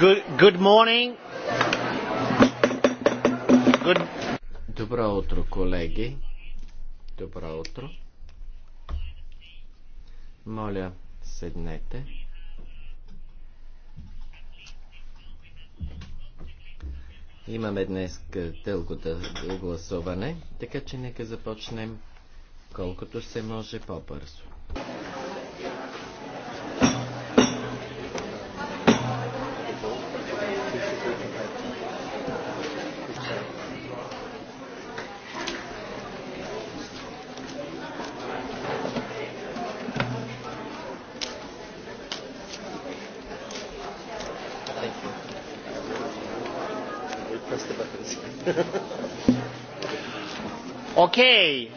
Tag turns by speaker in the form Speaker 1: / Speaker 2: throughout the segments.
Speaker 1: Good, morning. Good...
Speaker 2: Добро утро, колеги. Добро утро. Моля, седнете. Имаме днес дълго гласуване, така че нека започнем колкото се може по-бързо.
Speaker 1: today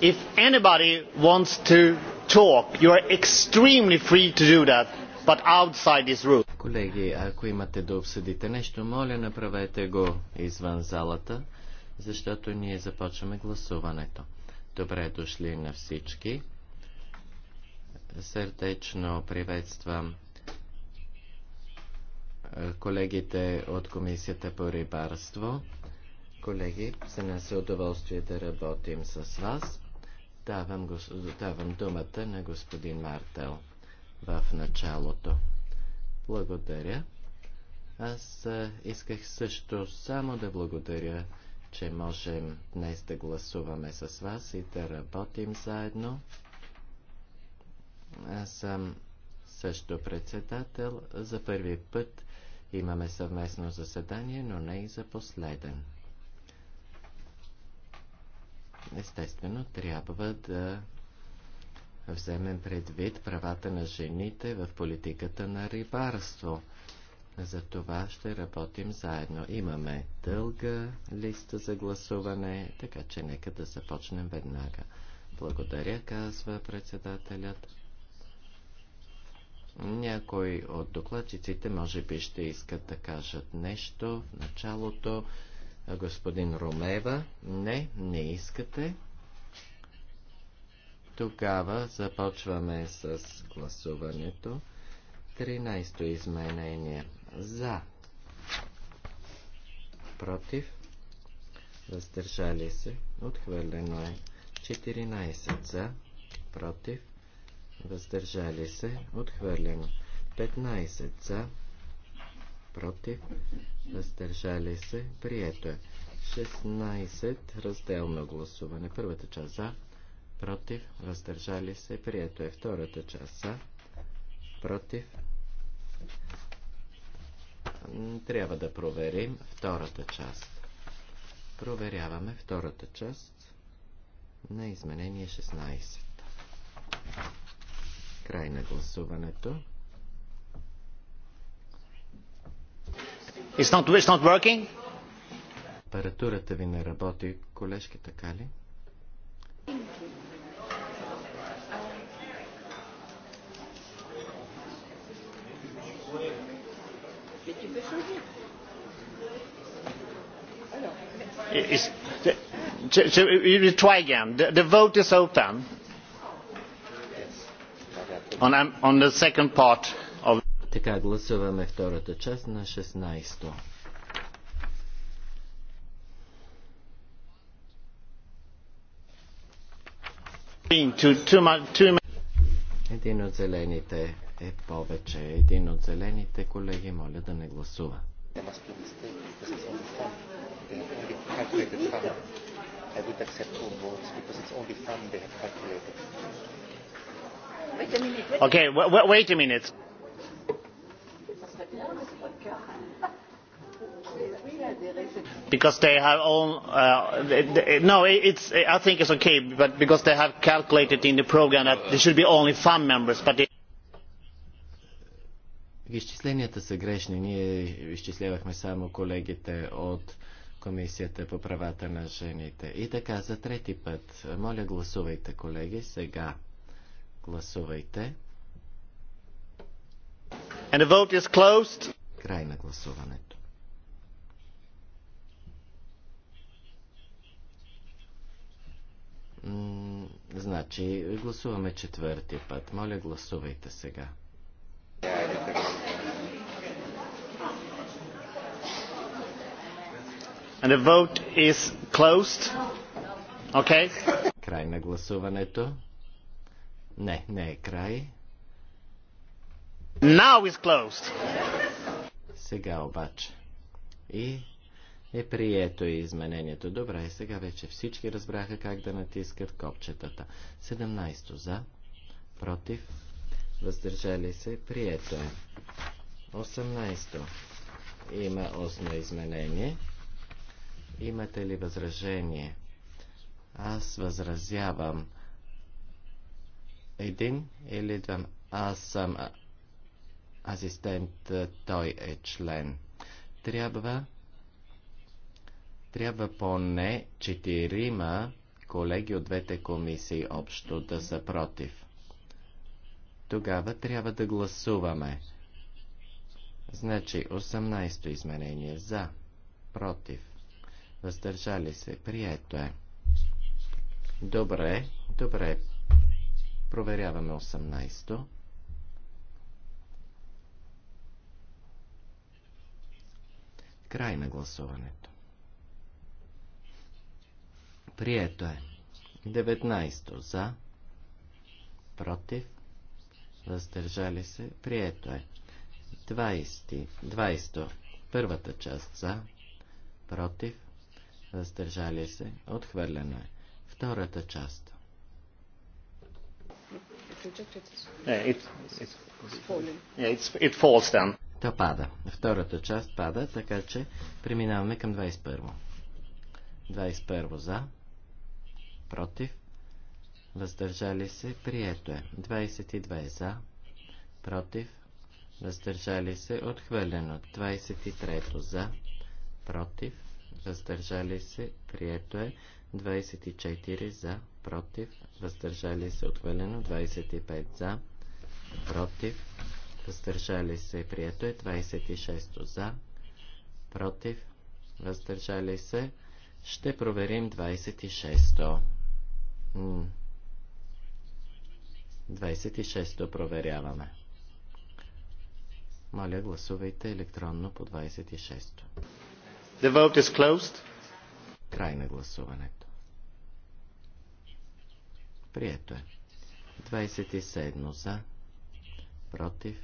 Speaker 1: if anybody wants to talk you are extremely free to do that but outside this room. Колеги, ако имате да обсъдите нещо, моля направете го
Speaker 2: извън залата, защото ние започваме гласуването. Добре дошли на всички. Сърдечно приветствам колегите от Комисията по рибарство. Колеги, за нас е удоволствие да работим с вас. Давам, давам думата на господин Мартел в началото. Благодаря. Аз исках също само да благодаря, че можем днес да гласуваме с вас и да работим заедно. Аз съм също председател. За първи път имаме съвместно заседание, но не и за последен естествено трябва да вземем предвид правата на жените в политиката на рибарство. За това ще работим заедно. Имаме дълга листа за гласуване, така че нека да започнем веднага. Благодаря, казва председателят. Някой от докладчиците може би ще искат да кажат нещо в началото. Господин Ромева, не, не искате. Тогава започваме с гласуването. 13-то изменение. За. Против. Въздържали се. Отхвърлено е. 14 за. Против. Въздържали се. Отхвърлено. 15 за против, въздържали се, прието е. 16. Разделно гласуване. Първата част за, против, въздържали се, прието е. Втората част за, против. Трябва да проверим втората част. Проверяваме втората част на изменение 16. Край на гласуването.
Speaker 1: It's not, it's not working?
Speaker 2: Апаратурата ви не работи, колежки, така ли?
Speaker 1: Is, you try again. The, the vote is open on, on the second part
Speaker 2: така, гласуваме втората част на 16-то.
Speaker 1: Един от зелените е повече.
Speaker 2: Един от зелените колеги моля да не гласува.
Speaker 1: Okay, wait a minute because they have all uh, no it's i think it's okay but because they have calculated in the program that there should be only fund members but they...
Speaker 2: изчисленията са грешни ние изчислявахме само колегите от комисията по правата на жените и така за трети път моля гласувайте колеги сега гласувайте
Speaker 1: And the vote is closed.
Speaker 2: Край на гласуването. значи, гласуваме четвъртия път. Моля, гласувайте сега.
Speaker 1: And the vote is closed. Okay. Край на гласуването. Не, не е край. Now is closed.
Speaker 2: Сега обаче. И е прието и изменението. Добре, и сега вече всички разбраха как да натискат копчетата. 17 за, против, въздържали се, прието е. 18 има осмо изменение. Имате ли възражение? Аз възразявам. Един или два. Аз съм асистент, той е член. Трябва, трябва поне четирима колеги от двете комисии общо да са против. Тогава трябва да гласуваме. Значи 18-то изменение за, против, въздържали се, прието е. Добре, добре, проверяваме 18-то. Край на гласуването. Прието е. 19 за, против, въздържали се, прието е. 20, 20, първата част за, против, въздържали се, отхвърлено е. Втората част.
Speaker 1: Yeah, it, it, it falls then
Speaker 2: то пада. Втората част пада, така че преминаваме към 21. 21 за, против, въздържали се, прието е. 22 за, против, въздържали се, отхвърлено. 23 за, против, въздържали се, прието е. 24 за, против, въздържали се, отхвърлено. 25 за, против, въздържали се, прието е 26 за, против, въздържали се, ще проверим 26-то. 26-то проверяваме. Моля, гласувайте електронно по 26-то. The vote is closed. Край на гласуването. Прието е. 27 за, против,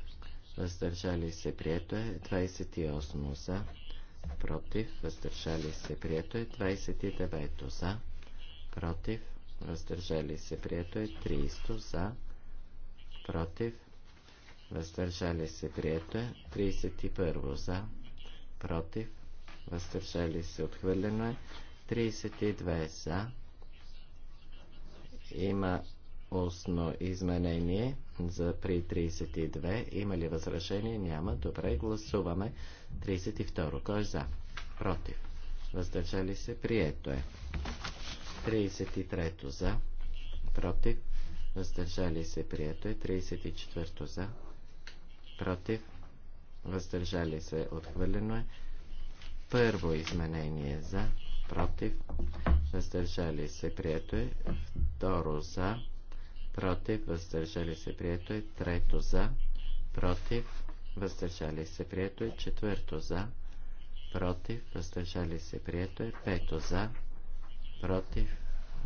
Speaker 2: въздържали се, прието е 28 за, против, въздържали се, прието е 29 за, против, въздържали се, прието е 30 за, против, въздържали се, прието е 31 за, против, въздържали се, отхвърлено е 32 за, има устно изменение за при 32. Има ли възражение? Няма. Добре, гласуваме 32. Кой е за? Против. Въздържали се? Прието е. 33 за. Против. Въздържали се? Прието е. 34 за. Против. Въздържали се? Отхвърлено е. Първо изменение за. Против. Въздържали се? Прието е. Второ за против, въздържали се, прието е. Трето за, против, въздържали се, прието е. Четвърто за, против, въздържали се, прието е. Пето за, против,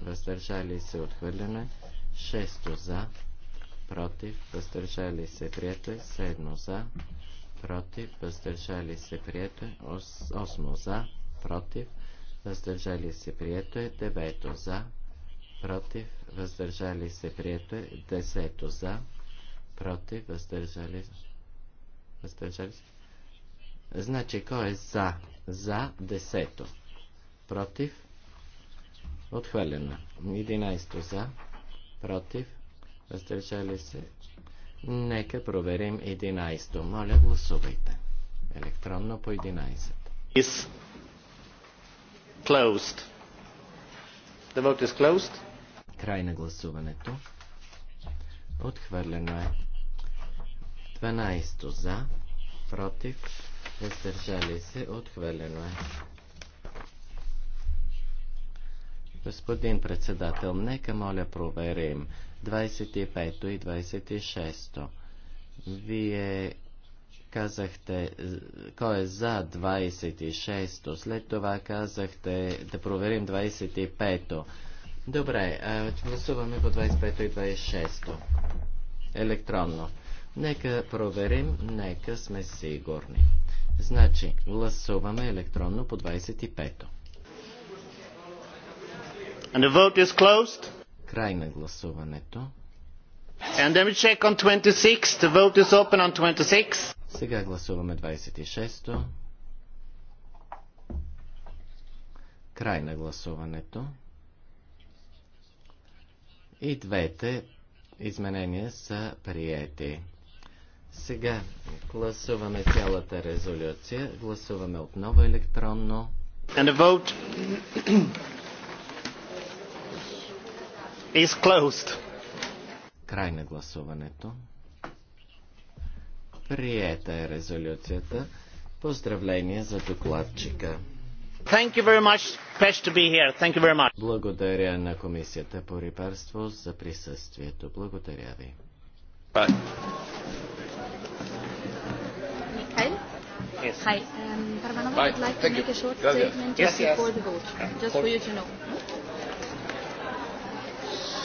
Speaker 2: въздържали се, отхвърлено е. Шесто за, против, въздържали се, прието е. Седмо за, против, въздържали се, прието е. осмо за, против, въздържали се, прието е. Девето за, против, въздържали се, прието е. Десето за, против, въздържали се. Въздържали се. Значи, кой е за? За десето. Против. отхвалено. 11 за. Против. Въздържали се. Нека проверим 11. Моля, гласувайте. Електронно по 11. Is
Speaker 1: closed. The vote is closed.
Speaker 2: Край на гласуването. Отхвърлено е. 12 за, против, въздържали се, отхвърлено е. Господин председател, нека моля проверим 25 и 26. -то. Вие казахте, кой е за 26-то, след това казахте да проверим 25-то. Добре, гласуваме по 25 и 26 електронно. Нека проверим, нека сме сигурни. Значи, гласуваме електронно по 25-то.
Speaker 1: And the vote is closed. Край на гласуването. And then we check on 26. The vote is open on 26.
Speaker 2: Сега гласуваме 26-то. Край на гласуването. И двете изменения са приети. Сега гласуваме цялата резолюция. Гласуваме отново електронно. And the
Speaker 1: vote is closed.
Speaker 2: Край на гласуването. Приета е резолюцията. Поздравления за докладчика. Благодаря на Комисията по рибарство за присъствието. Благодаря ви. Bye.
Speaker 3: Mikhail? Yes. Hi. Um,
Speaker 2: Parvanova
Speaker 1: Bye. would like Thank to make you. a short Gracias. statement yes, just yes. before the vote, just for you to
Speaker 3: know.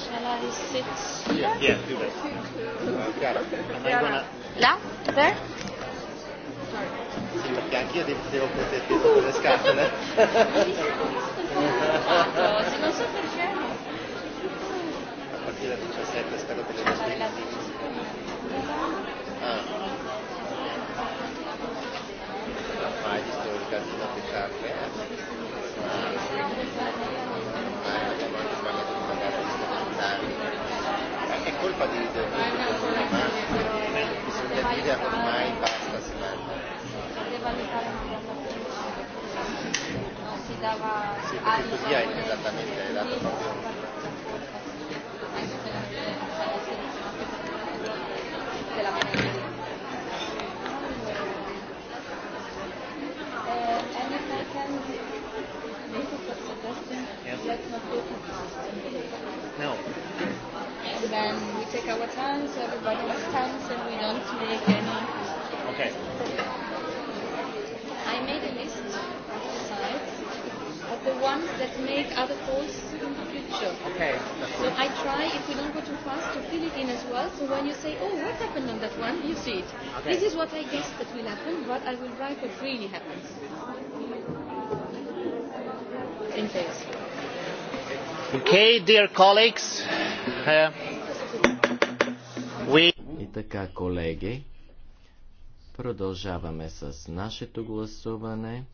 Speaker 3: Shall I sit here? Yeah, do that. Là? There? Sì,
Speaker 1: perché anch'io devo poter peso con le scatole. Non so perché. A partire dal 17 spero che le Ah. Mai visto il caso da pescarle. È colpa di... Bisogna dire ormai basta, Sí, ya exactamente el dato propio. De la manera
Speaker 3: Yes. Let's not do too fast. No. And then we take our time, so everybody has time, so we don't make any.
Speaker 1: Okay.
Speaker 3: I made a list of the sites of the ones that make other calls in the
Speaker 1: future. Okay. So
Speaker 3: I try, if we don't go too fast, to fill it in as well. So when you say, oh, what happened on that one, you see it. Okay. This is what I guess that will happen, but I will write what really happens.
Speaker 1: In case. Okay, dear colleagues. Uh, we... И така, колеги,
Speaker 2: Продължаваме с нашето гласуване.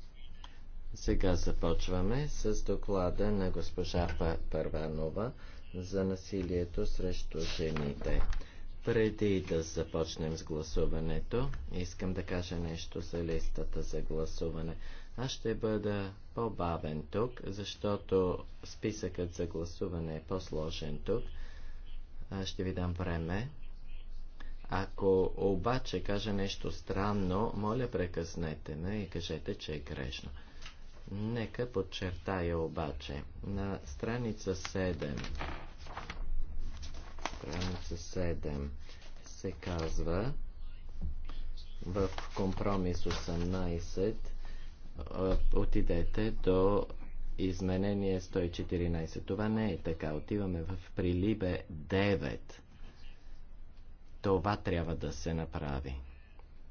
Speaker 2: Сега започваме с доклада на госпожа Първанова за насилието срещу жените. Преди да започнем с гласуването, искам да кажа нещо за листата за гласуване. Аз ще бъда по-бавен тук, защото списъкът за гласуване е по-сложен тук. Аз ще ви дам време ако обаче каже нещо странно, моля прекъснете ме и кажете, че е грешно. Нека подчертая обаче на страница 7. Страница 7 се казва в компромис 18 отидете до изменение 114. Това не е така. Отиваме в прилибе 9. Това трябва да се направи.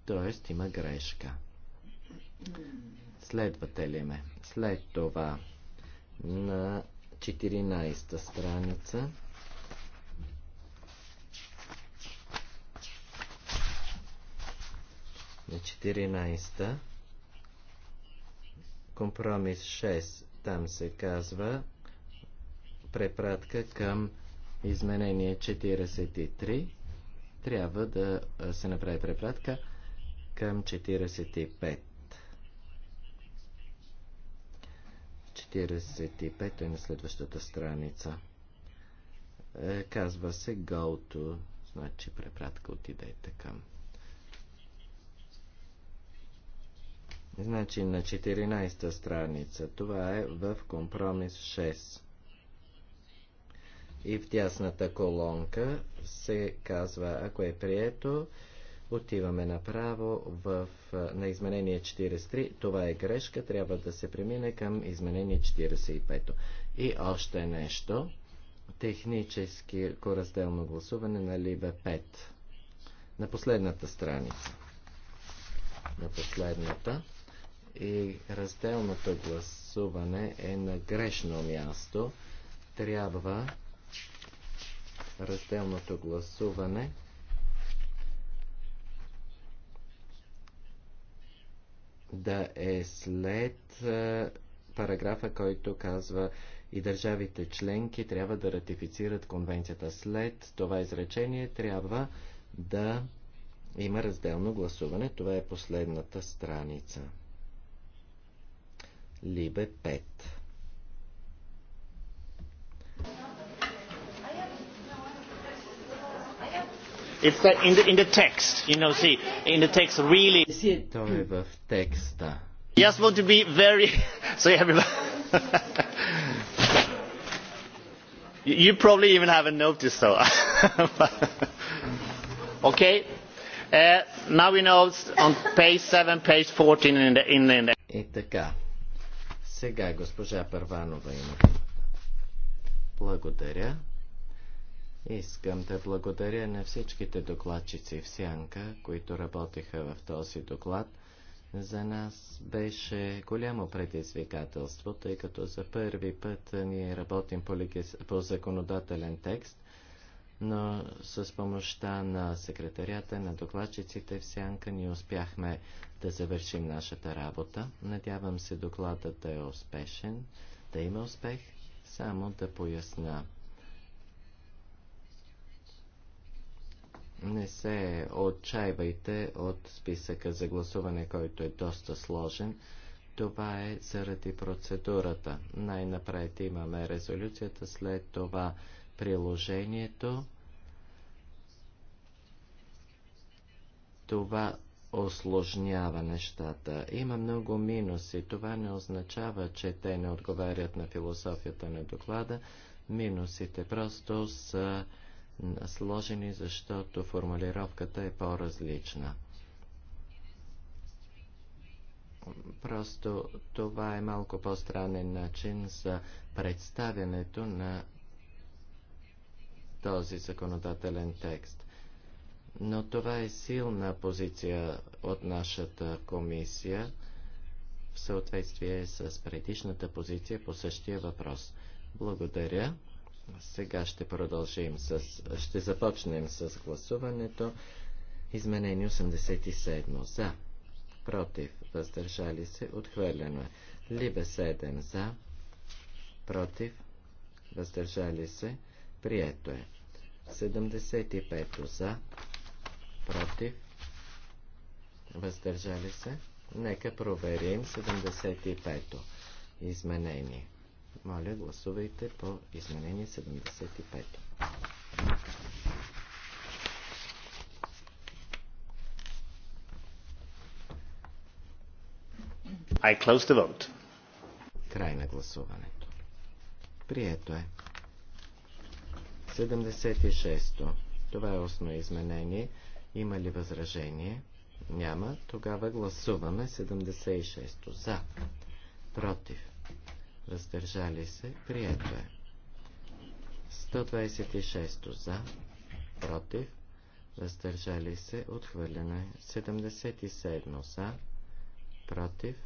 Speaker 2: Тоест има грешка. Следвате ли ме? След това на 14-та страница на 14-та компромис 6 там се казва препратка към изменение 43 трябва да се направи препратка към 45. 45 е на следващата страница. Е, казва се go to, значи препратка отидете към. Значи на 14-та страница. Това е в компромис 6 и в тясната колонка се казва, ако е прието, отиваме направо в, на изменение 43. Това е грешка, трябва да се премине към изменение 45. И още нещо. Технически разделно гласуване на Либе 5. На последната страница. На последната. И разделното гласуване е на грешно място. Трябва разделното гласуване. да е след параграфа, който казва и държавите членки трябва да ратифицират конвенцията. След това изречение трябва да има разделно гласуване. Това е последната страница. Либе 5.
Speaker 1: It's the, in, the, in the text, you know, see, in the text really. То в текста. Just want to be very, so everybody. you probably even haven't noticed so. okay. Uh, now we know on page 7, page 14 in the, in the, in the... И така. Сега
Speaker 2: госпожа Първанова има. Благодаря. Искам да благодаря на всичките докладчици в Сянка, които работеха в този доклад. За нас беше голямо предизвикателство, тъй като за първи път ние работим по, легис... по законодателен текст, но с помощта на секретарята, на докладчиците в Сянка ни успяхме да завършим нашата работа. Надявам се докладът да е успешен, да има успех, само да поясна не се отчаивайте от списъка за гласуване, който е доста сложен. Това е заради процедурата. Най-напред имаме резолюцията, след това приложението. Това осложнява нещата. Има много минуси. Това не означава, че те не отговарят на философията на доклада. Минусите просто са сложени, защото формулировката е по-различна. Просто това е малко по-странен начин за представянето на този законодателен текст. Но това е силна позиция от нашата комисия в съответствие с предишната позиция по същия въпрос. Благодаря. Сега ще продължим с... Ще започнем с гласуването. Изменение 87 за. Против. Въздържали се. Отхвърлено е. Либе 7 за. Против. Въздържали се. Прието е. 75 за. Против. Въздържали се. Нека проверим 75 изменение. Моля, гласувайте по изменение 75.
Speaker 1: I close the vote. Край на
Speaker 2: гласуването. Прието е. 76-то. Това е основно изменение. Има ли възражение? Няма. Тогава гласуваме 76-то. За. Против въздържали се, прието е. 126 за, против, въздържали се, отхвърлено е. 77 за, против,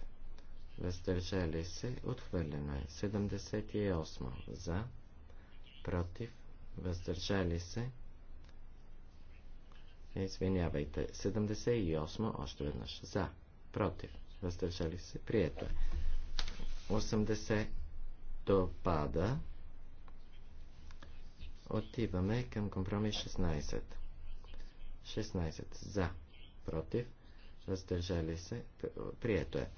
Speaker 2: въздържали се, отхвърлено е. 78 за, против, въздържали се, извинявайте, 78 още веднъж за, против, въздържали се, прието е. 80 допада. Отиваме към компромис 16. 16 за, против, въздържали се, прието е.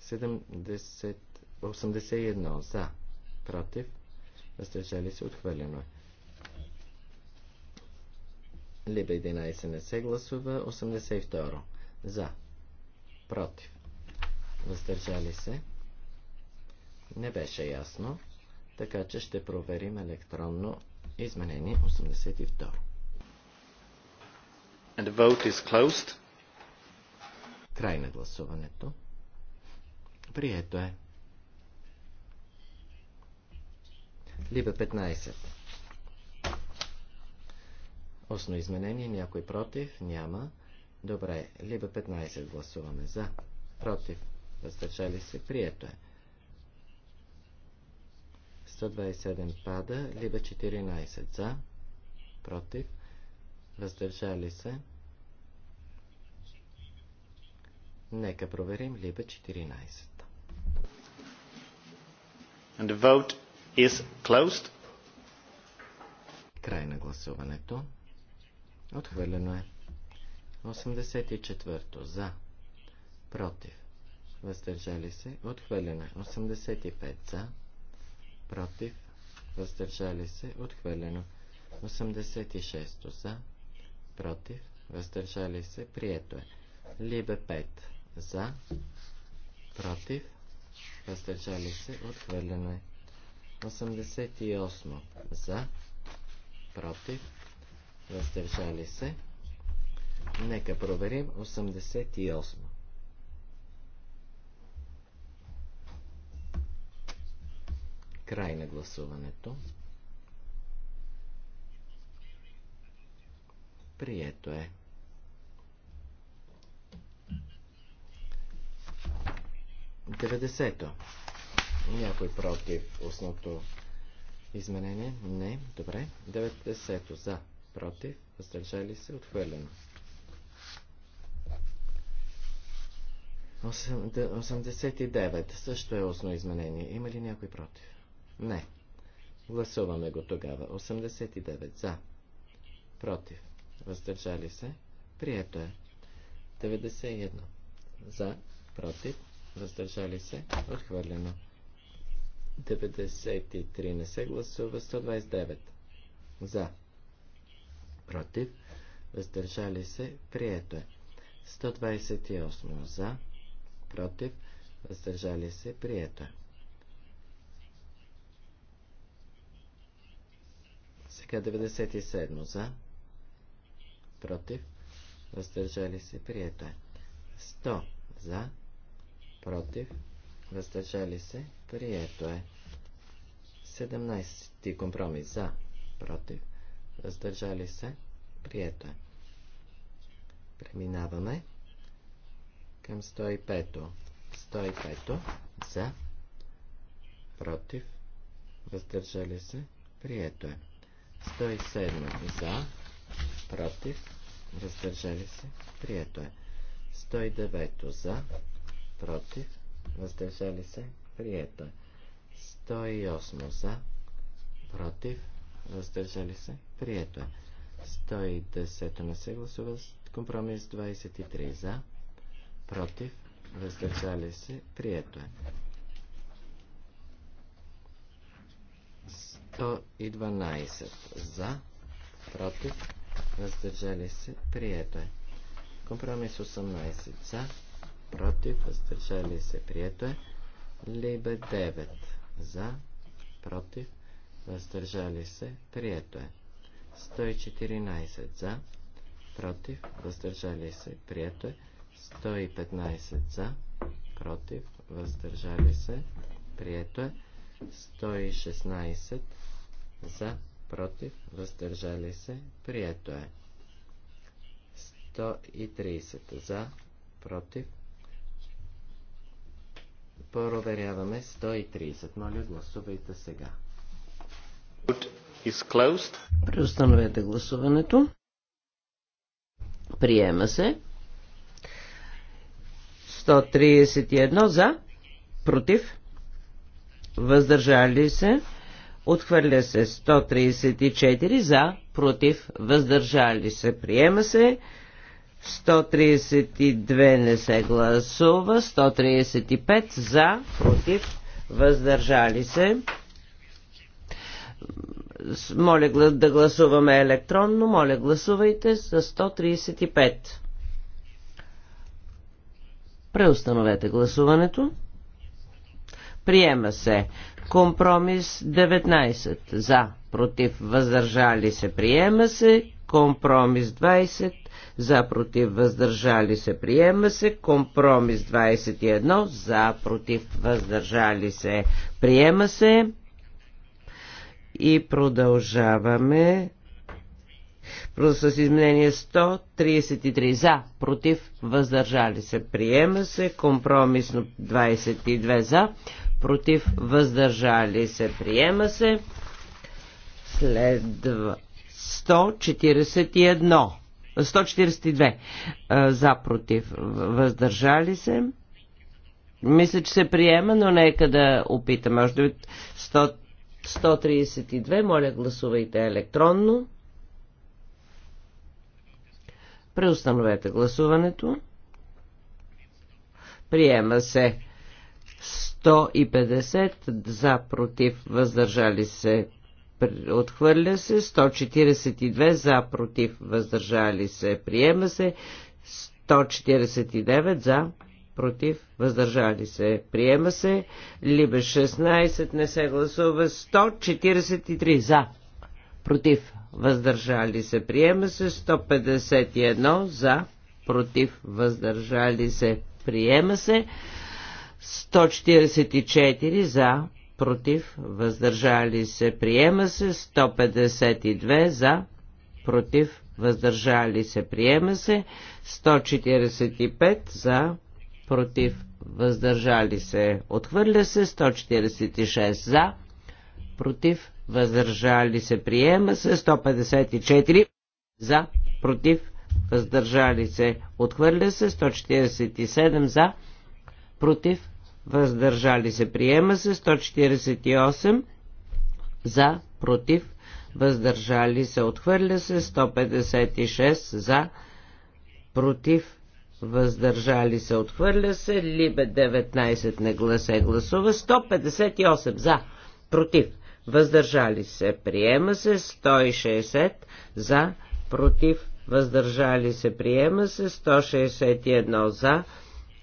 Speaker 2: 70, 81 за, против, въздържали се, отхвърлено е. Либе 11 не се гласува, 82 за, против, въздържали се. Не беше ясно, така че ще проверим електронно изменение 82.
Speaker 1: And the vote is closed.
Speaker 2: Край на гласуването. Прието е. Либе 15. Осно изменение, някой против, няма. Добре, либе 15 гласуваме за, против, въздържали се, прието е. 127 пада, либо 14 за, против, въздържали се. Нека проверим либо 14. And the vote is closed. Край на гласуването. Отхвърлено е. 84 за, против, въздържали се, отхвърлено е. 85 за, против, въздържали се, отхвърлено. 86 за, против, въздържали се, прието е. Либе 5 за, против, въздържали се, отхвърлено е. 88 за, против, въздържали се. Нека проверим 88. Край на гласуването. Прието е. Деведесето. Някой против основното изменение? Не. Добре. Деветдесето за. Против. Въздържали се. Отхвърлено. 89 също е основно изменение. Има ли някой против? Не. Гласуваме го тогава. 89 за. Против. Въздържали се. Прието е. 91. За. Против. Въздържали се. Отхвърлено. 93 не се гласува. 129. За. Против. Въздържали се. Прието е. 128 за. Против. Въздържали се. Прието е. Така, 97 за. Против. Въздържали се. Прието е. 100 за. Против. Въздържали се. Прието е. 17 компромис за. Против. Въздържали се. Прието е. Преминаваме към 105. 105 за. Против. Въздържали се. Прието е. 107 за, против, въздържали се, прието е. 109 за, против, въздържали се, прието е. 108 за, против, въздържали се, прието е. 110 не се гласува, компромис 23 за, против, въздържали се, прието е. 112 за, против, въздържали се, прието е. Компромис 18 за, против, въздържали се, прието е. Либе 9 за, против, въздържали се, прието е. 114 за, против, въздържали се, прието е. 115 за, против, въздържали се, прието е. 116 за, против, въздържали се, прието е. 130 за, против. Проверяваме 130. Моля, гласувайте сега.
Speaker 4: Преустановете гласуването. Приема се. 131 за, против, въздържали се. Отхвърля се 134 за, против, въздържали се. Приема се. 132 не се гласува. 135 за, против, въздържали се. Моля да гласуваме електронно. Моля гласувайте с 135. Преустановете гласуването. Приема се. Компромис 19. За. Против. Въздържали се. Приема се. Компромис 20. За. Против. Въздържали се. Приема се. Компромис 21. За. Против. Въздържали се. Приема се. И продължаваме с изменение 133 за, против, въздържали се. Приема се компромисно 22 за, против, въздържали се. Приема се. Следва 141. 142 е, за, против, въздържали се. Мисля, че се приема, но нека да опитаме. Може да 132, моля гласувайте електронно. Преустановете гласуването. Приема се 150 за против въздържали се. Отхвърля се 142 за против въздържали се. Приема се 149 за против, въздържали се. Приема се. Либе 16 не се гласува. 143 за. Против въздържали се. Приема се 151 за, против, въздържали се. Приема се 144 за, против, въздържали се. Приема се 152 за, против, въздържали се. Приема се 145 за, против, въздържали се. Отхвърля се 146 за, против, въздържали се, приема се 154 за, против, въздържали се, отхвърля се 147 за, против, въздържали се, приема се 148 за, против, въздържали се, отхвърля се 156 за, против, въздържали се, отхвърля се, либе 19 не гласе гласува, 158 за, против, въздържали се. Приема се 160 за, против, въздържали се. Приема се 161 за,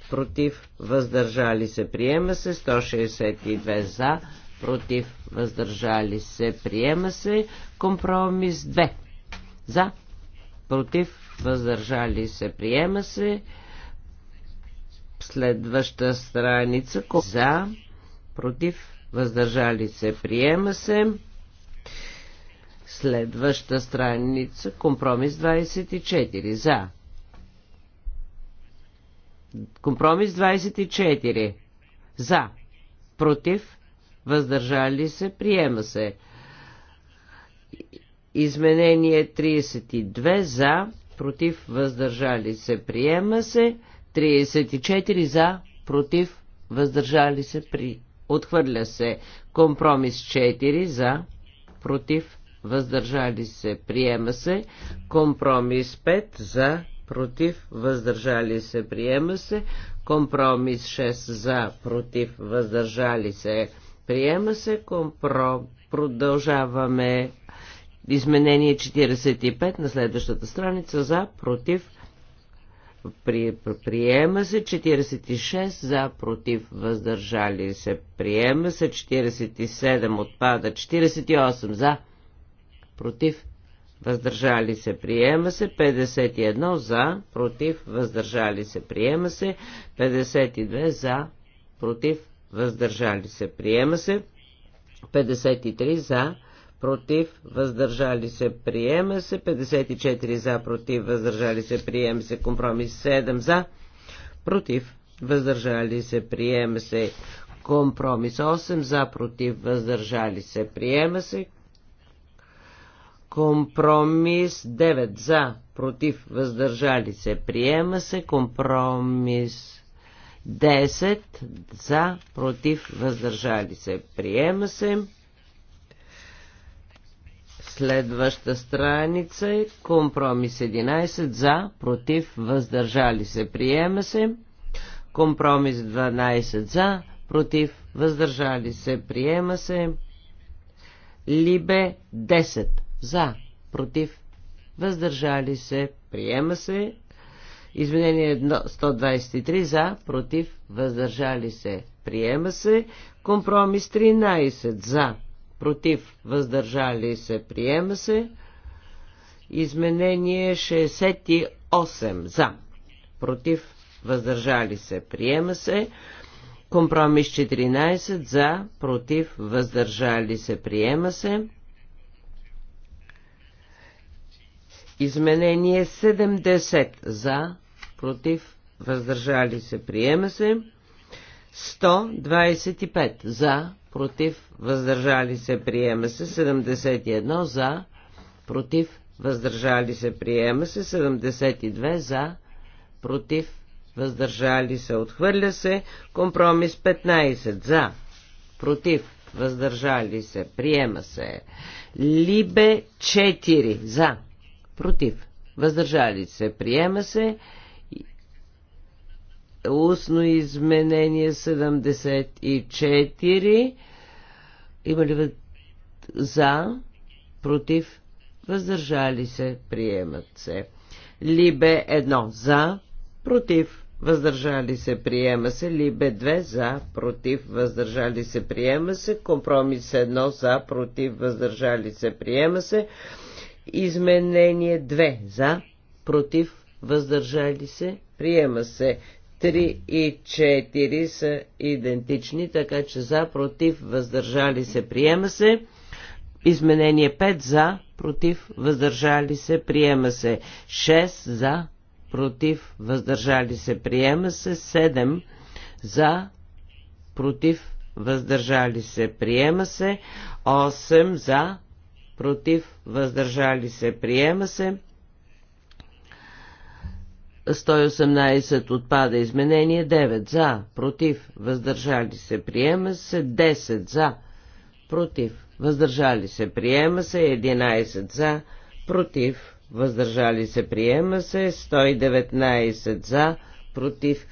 Speaker 4: против, въздържали се. Приема се 162 за, против, въздържали се. Приема се компромис 2 за, против, въздържали се. Приема се следваща страница за, против, въздържали се, приема се. Следваща страница, компромис 24, за. Компромис 24, за. Против, въздържали се, приема се. Изменение 32 за, против, въздържали се, приема се. 34 за, против, въздържали се, при... Отхвърля се. Компромис 4 за, против, въздържали се, приема се. Компромис 5 за, против, въздържали се, приема се. Компромис 6 за, против, въздържали се, приема се. Компро... Продължаваме изменение 45 на следващата страница за, против, при, приема се 46 за, против, въздържали се. Приема се 47, отпада 48 за, против, въздържали се, приема се, 51 за, против, въздържали се, приема се, 52 за, против, въздържали се, приема се, 53 за, против, въздържали се, приема се. 54 за, против, въздържали се, приема се. Компромис 7 за, против, въздържали се, приема се. Компромис 8 за, против, въздържали се, приема се. Компромис 9 за, против, въздържали се, приема се. Компромис 10 за, против, въздържали се, приема се. Следваща страница е компромис 11 за, против, въздържали се, приема се. Компромис 12 за, против, въздържали се, приема се. Либе 10 за, против, въздържали се, приема се. Изменение 123 за, против, въздържали се, приема се. Компромис 13 за, против, въздържали се, приема се. Изменение 68 за, против, въздържали се, приема се. Компромис 14 за, против, въздържали се, приема се. Изменение 70 за, против, въздържали се, приема се. 125 за, против, въздържали се, приема се 71 за, против, въздържали се, приема се 72 за, против, въздържали се, отхвърля се, компромис 15 за, против, въздържали се, приема се, либе 4 за, против, въздържали се, приема се, Устно изменение 74. Има ли за, против, въздържали се, приемат се. Либе 1 за, против, въздържали се, приема се. Либе 2 за, против, въздържали се, приема се. Компромис 1 за, против, въздържали се, приема се. Изменение 2 за, против, въздържали се, приема се. 3 и 4 са идентични, така че за, против, въздържали се, приема се. Изменение 5 за, против, въздържали се, приема се. 6 за, против, въздържали се, приема се. 7 за, против, въздържали се, приема се. 8 за, против, въздържали се, приема се. 118 отпада. Изменение 9 за, против, въздържали се, приема се 10 за, против, въздържали се, приема се 11 за, против, въздържали се, приема се 119 за, против,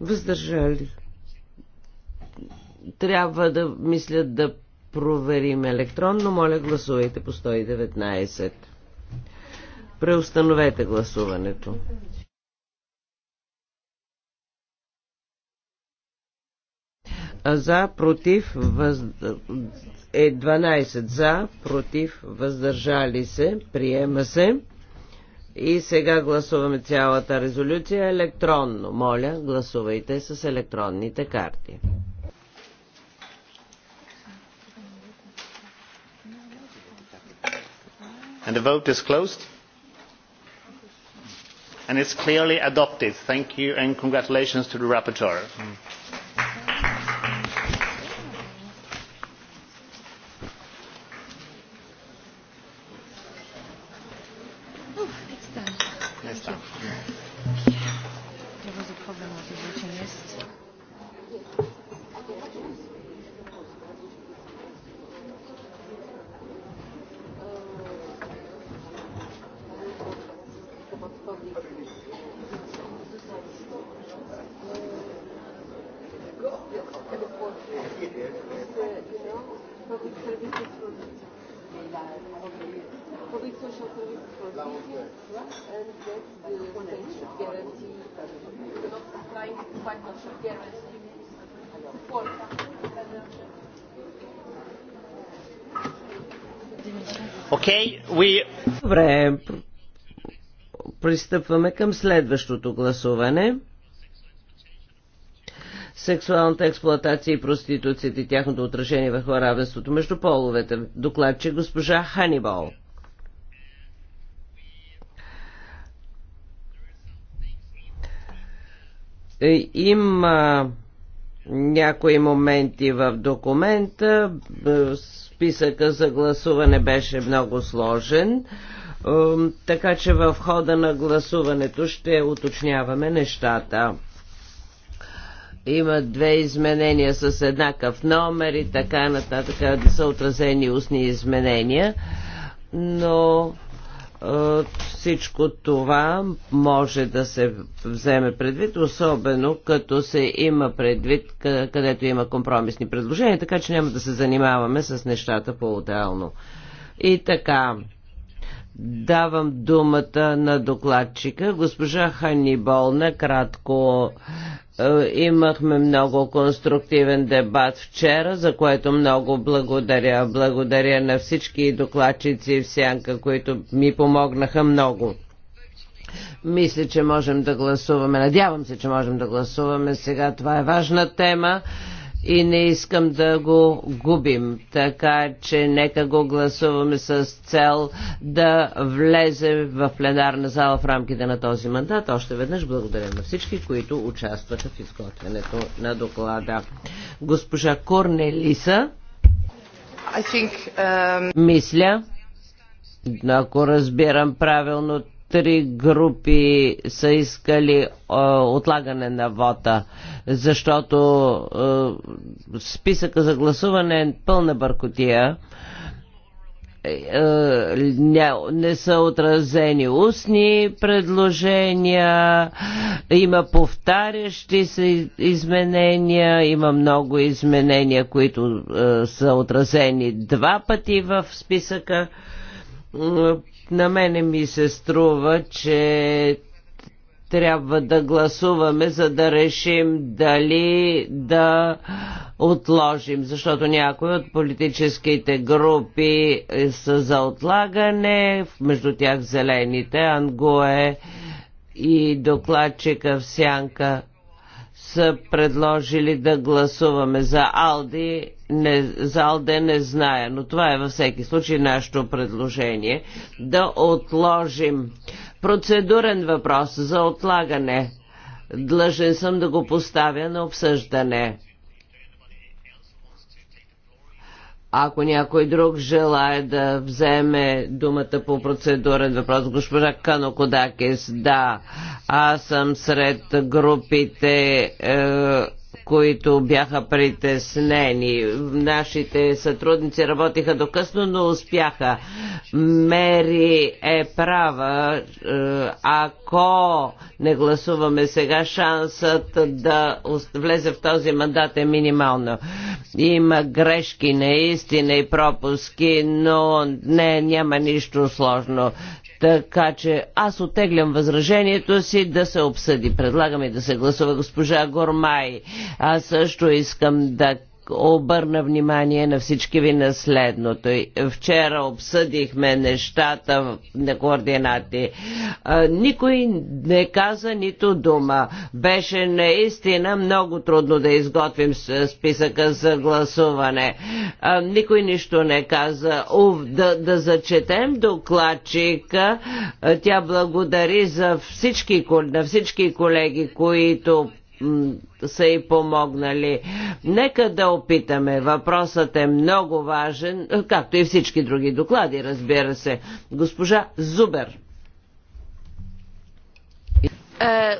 Speaker 4: въздържали. Трябва да мислят да проверим електронно. Моля, гласувайте по 119. Преустановете гласуването. за, против, въз... е 12 за, против, въздържали се, приема се. И сега гласуваме цялата резолюция електронно. Моля, гласувайте с електронните карти.
Speaker 1: And the vote is closed. And it's clearly adopted. Thank you and congratulations to the rapporteur. Mm.
Speaker 4: пристъпваме към следващото гласуване сексуалната експлоатация и проституцията и тяхното отражение върху равенството между половете. Докладче госпожа Ханибол. Е, има някои моменти в документа. Е, списъка за гласуване беше много сложен така че в хода на гласуването ще уточняваме нещата. Има две изменения с еднакъв номер и така нататък, да са отразени устни изменения, но всичко това може да се вземе предвид, особено като се има предвид, където има компромисни предложения, така че няма да се занимаваме с нещата по-отделно. И така, Давам думата на докладчика. Госпожа Ханибол, накратко е, имахме много конструктивен дебат вчера, за което много благодаря. Благодаря на всички докладчици и Сянка, които ми помогнаха много. Мисля, че можем да гласуваме. Надявам се, че можем да гласуваме сега. Това е важна тема и не искам да го губим. Така че нека го гласуваме с цел да влезе в пленарна зала в рамките на този мандат. Още веднъж благодаря на всички, които участваха в изготвянето на доклада. Госпожа Корнелиса.
Speaker 5: I think, um...
Speaker 4: Мисля, ако разбирам правилно, три групи са искали отлагане на вота, защото списъка за гласуване е пълна бъркотия. Не, е, не са отразени устни предложения, има повтарящи се изменения, има много изменения, които е, са отразени два пъти в списъка на мене ми се струва, че трябва да гласуваме, за да решим дали да отложим, защото някои от политическите групи са за отлагане, между тях зелените, Ангое и докладчика в сянка са предложили да гласуваме за Алди. Не, за Алде не зная, но това е във всеки случай нашето предложение. Да отложим. Процедурен въпрос за отлагане. Длъжен съм да го поставя на обсъждане. Ако някой друг желая да вземе думата по процедурен въпрос, госпожа Канокодакес, да, аз съм сред групите. Е, които бяха притеснени. Нашите сътрудници работиха докъсно, но успяха. Мери е права. Е, ако не гласуваме сега, шансът да влезе в този мандат е минимално. Има грешки наистина и пропуски, но не, няма нищо сложно. Така че аз отеглям възражението си да се обсъди. Предлагаме да се гласува госпожа Гормай. Аз също искам да обърна внимание на всички ви на следното. Вчера обсъдихме нещата на координати. Никой не каза нито дума. Беше наистина много трудно да изготвим списъка за гласуване. Никой нищо не каза. Ув, да, да зачетем докладчика. Тя благодари за всички, на всички колеги, които са и помогнали. Нека да опитаме. Въпросът е много важен, е, както и всички други доклади, разбира се. Госпожа Зубер.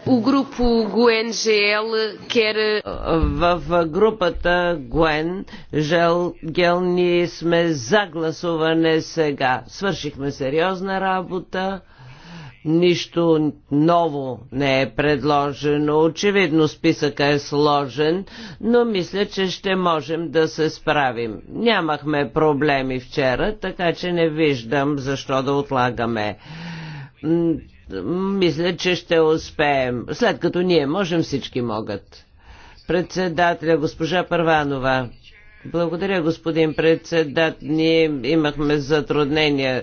Speaker 4: У групу Гуен Жел кер... В групата ГУЕН ЖЕЛ ГЕЛ ние сме за гласуване сега. Свършихме сериозна работа. Нищо ново не е предложено. Очевидно списъка е сложен, но мисля, че ще можем да се справим. Нямахме проблеми вчера, така че не виждам защо да отлагаме. Мисля, че ще успеем. След като ние можем, всички могат. Председателя госпожа Първанова. Благодаря, господин председат. Ние имахме затруднения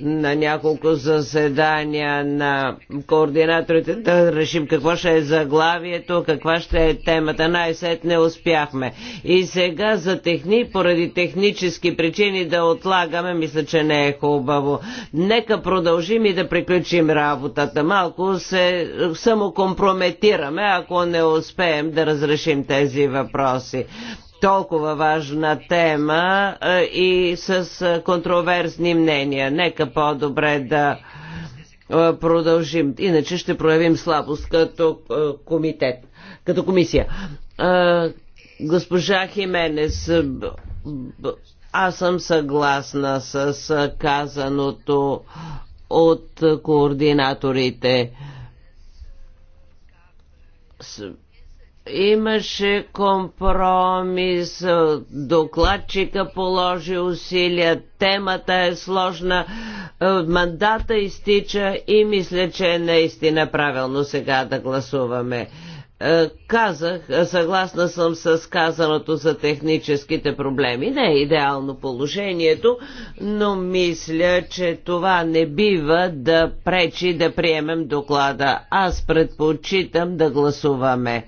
Speaker 4: на няколко заседания на координаторите да решим какво ще е заглавието, каква ще е темата. Най-сет не успяхме. И сега за техни, поради технически причини да отлагаме, мисля, че не е хубаво. Нека продължим и да приключим работата. Малко се самокомпрометираме, ако не успеем да разрешим тези въпроси толкова важна тема и с контроверсни мнения. Нека по-добре да продължим. Иначе ще проявим слабост като комитет, като комисия. Госпожа Хименес, аз съм съгласна с казаното от координаторите Имаше компромис, докладчика положи усилия, темата е сложна, е, мандата изтича и мисля, че е наистина правилно сега да гласуваме. Е, казах, съгласна съм с казаното за техническите проблеми. Не е идеално положението, но мисля, че това не бива да пречи да приемем доклада. Аз предпочитам да гласуваме.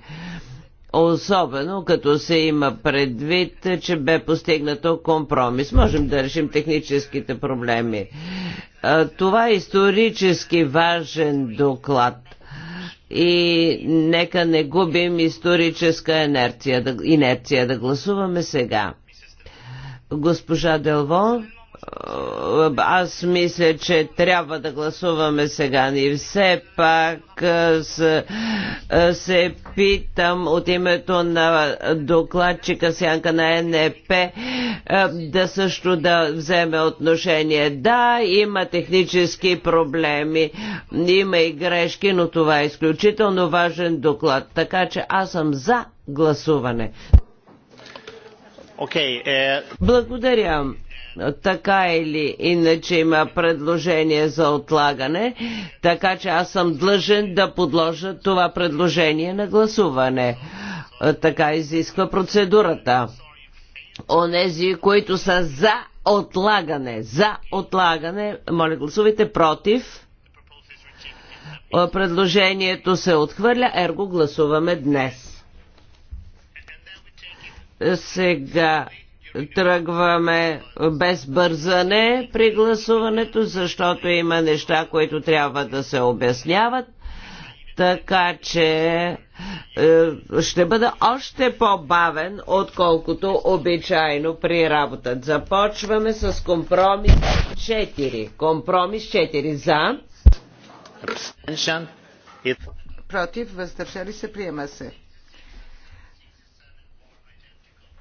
Speaker 4: Особено като се има предвид, че бе постигнато компромис. Можем да решим техническите проблеми. Това е исторически важен доклад и нека не губим историческа инерция, инерция да гласуваме сега. Госпожа Делво. Е, аз мисля, че трябва да гласуваме сега. И все пак се, е, се питам от името на докладчика Сянка на НЕП е, да също да вземе отношение. Да, има технически проблеми, има и грешки, но това е изключително важен доклад. Така че аз съм за гласуване. Okay, uh... Благодаря. Така или иначе има предложение за отлагане, така че аз съм длъжен да подложа това предложение на гласуване. Е, така изисква процедурата. Онези, които са за отлагане, за отлагане, моля гласувайте против. Е, предложението се отхвърля, ерго гласуваме днес. Е, сега тръгваме без бързане при гласуването, защото има неща, които трябва да се обясняват. Така че е, ще бъда още по-бавен, отколкото обичайно при работа. Започваме с компромис 4. Компромис
Speaker 5: 4 за. Против, въздържали се, приема се.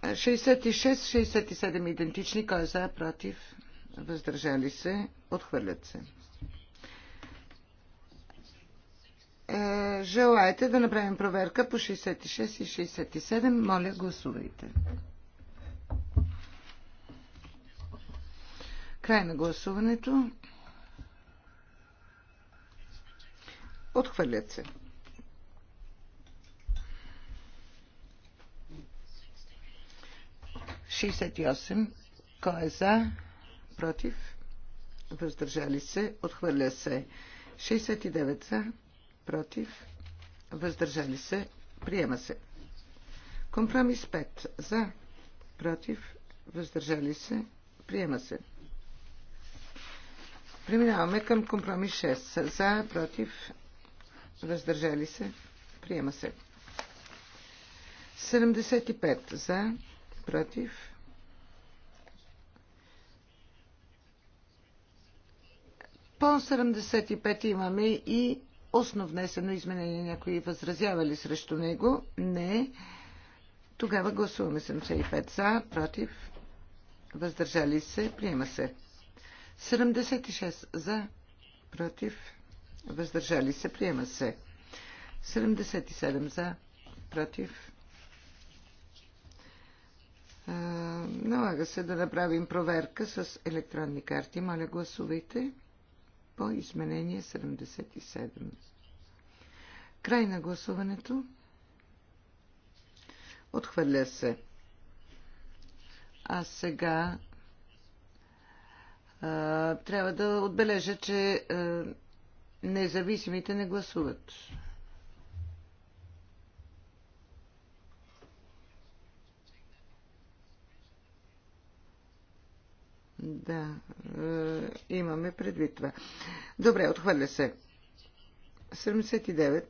Speaker 5: 66, 67 идентични. Кой е за, против, въздържали се, отхвърлят се. Е, желаете да направим проверка по 66 и 67. Моля, гласувайте. Край на гласуването. Отхвърлят се. 68. Кой е за? Против? Въздържали се? Отхвърля се. 69 за? Против? Въздържали се? Приема се. Компромис 5. За? Против? Въздържали се? Приема се. Преминаваме към компромис 6. За? Против? Въздържали се? Приема се. 75 за, против. По 75 имаме и основно внесено изменение. Някои възразявали срещу него? Не. Тогава гласуваме 75 за, против, въздържали се, приема се. 76 за, против, въздържали се, приема се. 77 за, против, Налага се да направим проверка с електронни карти. Моля, гласувайте по изменение 77. Край на гласуването. Отхвърля се. А сега а, трябва да отбележа, че а, независимите не гласуват. Да, е, имаме предвид това. Добре, отхвърля се. 79.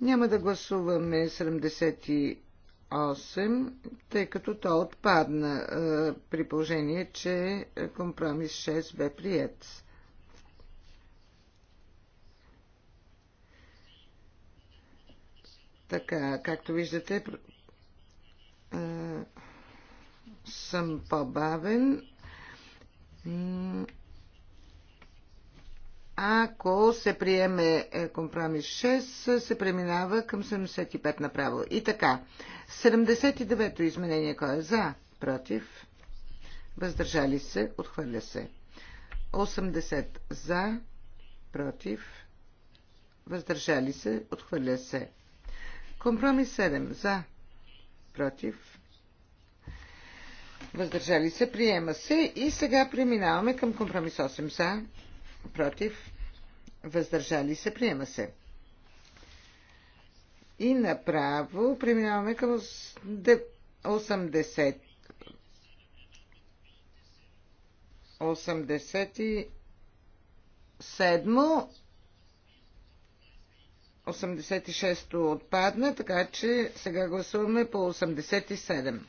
Speaker 5: Няма да гласуваме 78, тъй като то отпадна е, при положение, че компромис 6 бе прият. Така, както виждате, е, съм по-бавен. Ако се приеме е, компромис 6, се преминава към 75 направо. И така, 79-то изменение, кой е за, против, въздържали се, отхвърля се. 80 за, против, въздържали се, отхвърля се. Компромис 7 за, против, въздържали се, приема се. И сега преминаваме към компромис 8 за, против, въздържали се, приема се. И направо преминаваме към 80. 87 86-то отпадна, така че сега гласуваме по 87.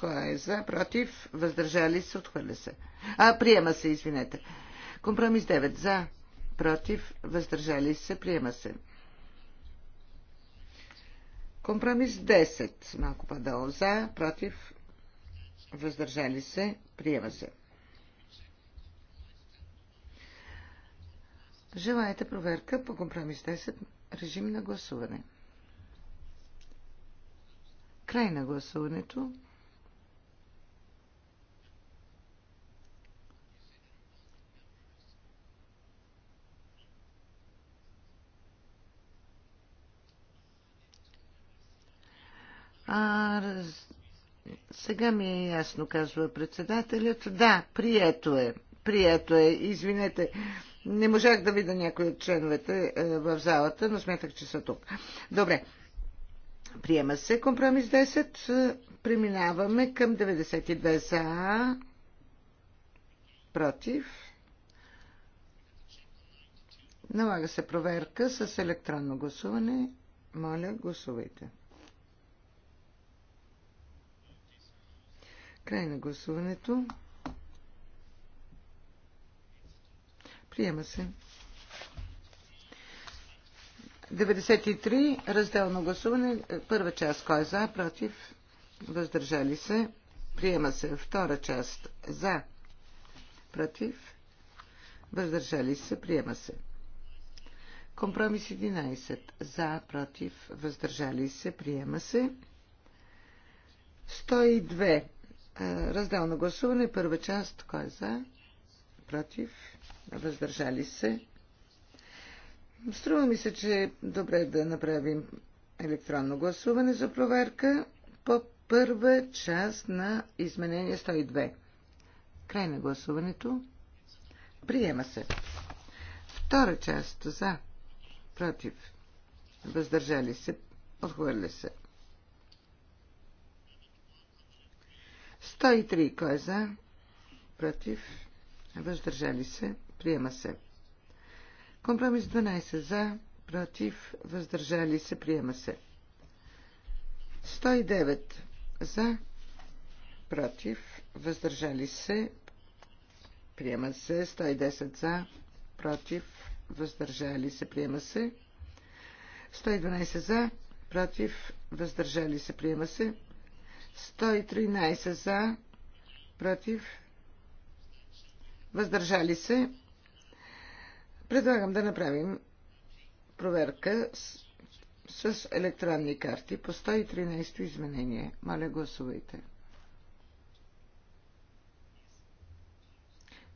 Speaker 5: Кой е за? Против? Въздържали се? Отхвърля се. А, приема се, извинете. Компромис 9. За. Против? Въздържали се? Приема се. Компромис 10. Малко по-долу. За. Против? Въздържали се? Приема се. Желаете проверка по компромис 10. Режим на гласуване. Край на гласуването. А, раз... Сега ми е ясно, казва председателят. Да, прието е. Прието е. Извинете. Не можах да видя някои от членовете е, в залата, но смятах, че са тук. Добре. Приема се компромис 10. Е, преминаваме към 92 за. Против. Налага се проверка с електронно гласуване. Моля, гласувайте. Край на гласуването. Приема се. 93. Разделно гласуване. Първа част. Кой е за? Против? Въздържали се. Приема се. Втора част. За. Против? Въздържали се. Приема се. Компромис 11. За, против, въздържали се, приема се. 102. Разделно гласуване. Първа част. Кой е за? против, въздържали се. Струва ми се, че е добре да направим електронно гласуване за проверка по първа част на изменение 102. Край на гласуването. Приема се. Втора част за, против, въздържали се, отхвърля се. 103 кой е за, против, въздържали се, приема се. Компромис 12 за, против, въздържали се, приема се. 109 за, против, въздържали се, приема се. 110 за, против, въздържали се, приема се. 112 за, против, въздържали се, приема се. 113 за, против, въздържали се. Предлагам да направим проверка с, с електронни карти по 113 изменение. Моля, гласувайте.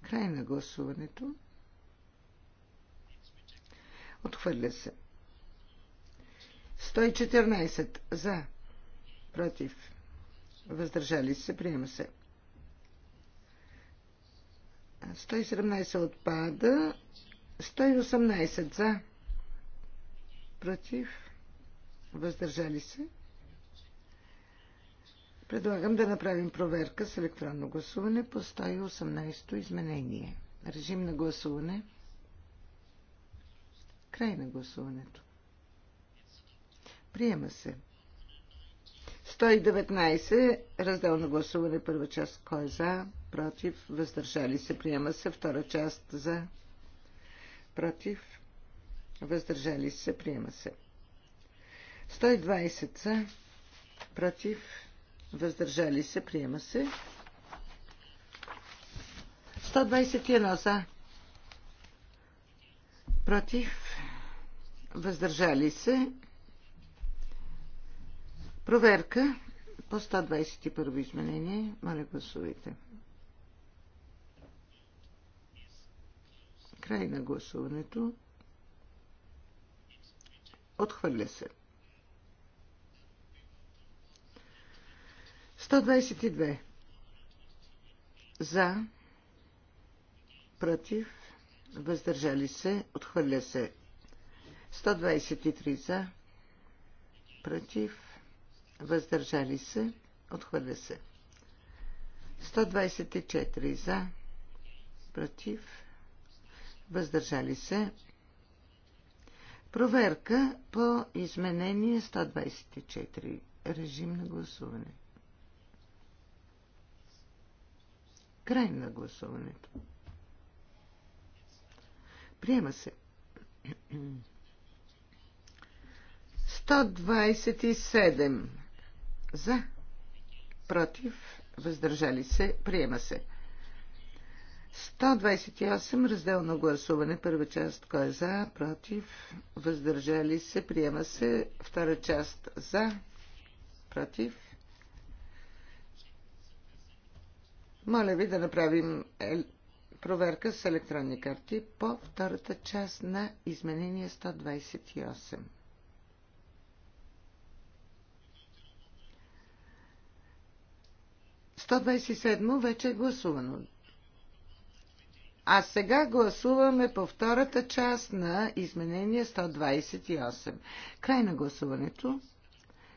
Speaker 5: Край на гласуването. Отхвърля се. 114 за. Против. Въздържали се. Приема се. 117 отпада. 118 за. Против. Въздържали се. Предлагам да направим проверка с електронно гласуване по 118 изменение. Режим на гласуване. Край на гласуването. Приема се. 119. Разделно гласуване. Първа част. Кой е за? Против. Въздържали се. Приема се. Втора част. За. Против. Въздържали се. Приема се. 120 за. Против. Въздържали се. Приема се. 121 за. Против. Въздържали се. Проверка по 121 изменение. Моля, гласувайте. Край на гласуването. Отхвърля се. 122. За. Против. Въздържали се. Отхвърля се. 123 за. Против въздържали се, отхвърля се. 124 за, против, въздържали се. Проверка по изменение 124. Режим на гласуване. Край на гласуването. Приема се. 127 За. Против. Въздържали се. Приема се. 128. Разделно гласуване. Първа част. Кой е за? Против. Въздържали се. Приема се. Втора част. За. Против. Моля ви да направим проверка с електронни карти по втората част на изменение 128. 127 вече е гласувано. А сега гласуваме по втората част на изменение 128. Край на гласуването.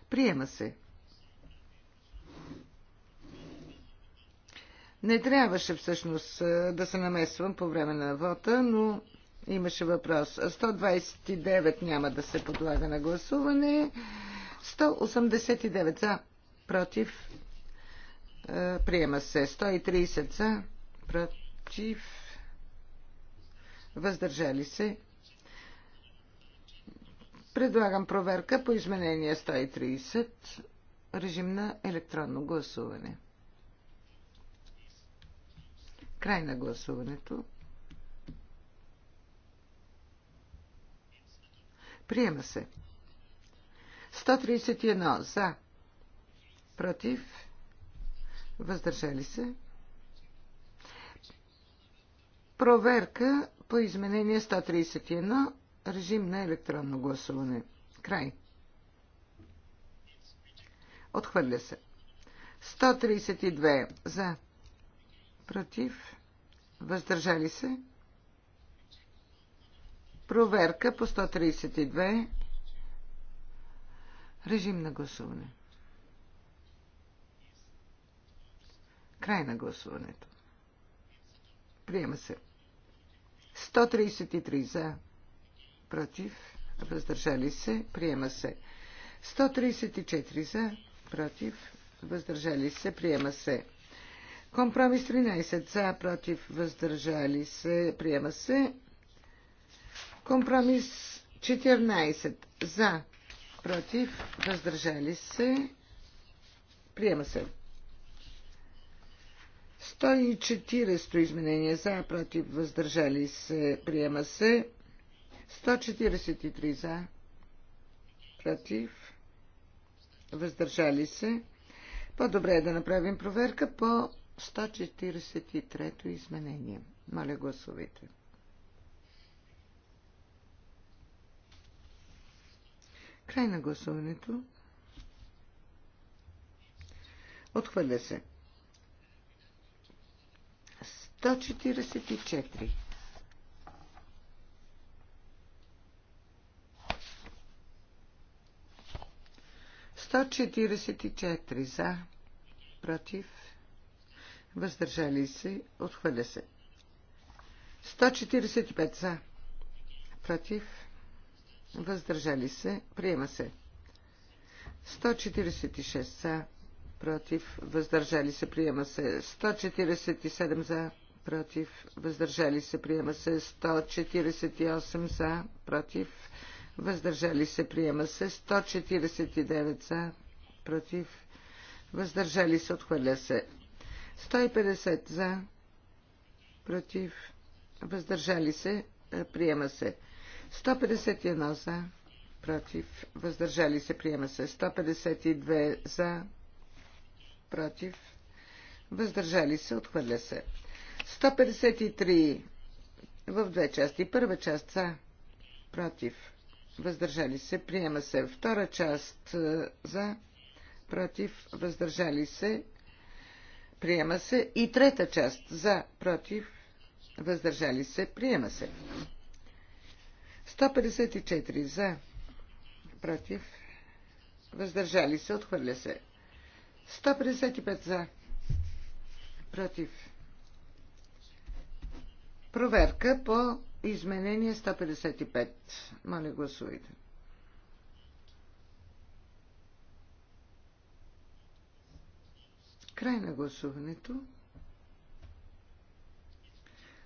Speaker 5: Приема се. Не трябваше всъщност да се намесвам по време на вота, но имаше въпрос. 129 няма да се подлага на гласуване. 189 за, против, е, приема се 130 за, против, въздържали се. Предлагам проверка по изменение 130, режим на електронно гласуване. Край на гласуването. Приема се. 131 за, против, въздържали се. Проверка по изменение 131, режим на електронно гласуване. Край. Отхвърля се. 132 за. Против. Въздържали се. Проверка по 132. Режим на гласуване. Край на гласуването. Приема се. 133 за, против, въздържали се, приема се. 134 за, против, въздържали се, приема се. Компромис 13 за, против, въздържали се, приема се. Компромис 14 за, против, въздържали се, приема се. 140 изменение за, против, въздържали се, приема се. 143 за, против, въздържали се. По-добре е да направим проверка по 143 изменение. Моля, гласувайте. Край на гласуването. Отхвърля се. 144. за, против, въздържали се, отхвърля се. 145 за, против, въздържали се, приема се. 146 за, против, въздържали се, приема се. 147 за, против, въздържали се, приема се 148 за, против, въздържали се, приема се 149 за, против, въздържали се, отхвърля се 150 е, за, против, въздържали се, приема се 151 за, против, въздържали се, приема се 152 за, против, въздържали се, отхвърля се. 153 в две части. Първа част за, против, въздържали се, приема се. Втора част е, за, против, въздържали се, приема се. И трета част за, против, въздържали се, приема се. 154 за, против, въздържали се, отхвърля се. 155 за, против, Проверка по изменение 155. Моля, гласувайте. Край на гласуването.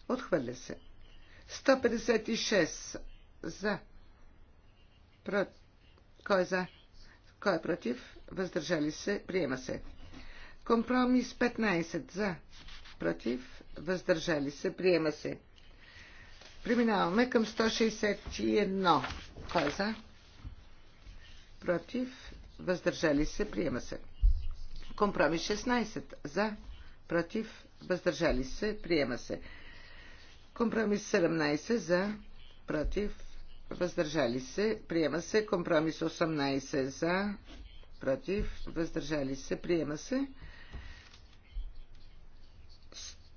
Speaker 5: Отхвърля се. 156 за. Про... Кой е за? Кой е против? Въздържали се. Приема се. Компромис 15 за. Против въздържали се, приема се. Преминаваме към 161. Кой е за? Против, въздържали се, приема се. Компромис 16. За, против, въздържали се, приема се. Компромис 17. За, против, въздържали се, приема се. Компромис 18. За, против, въздържали се, приема се.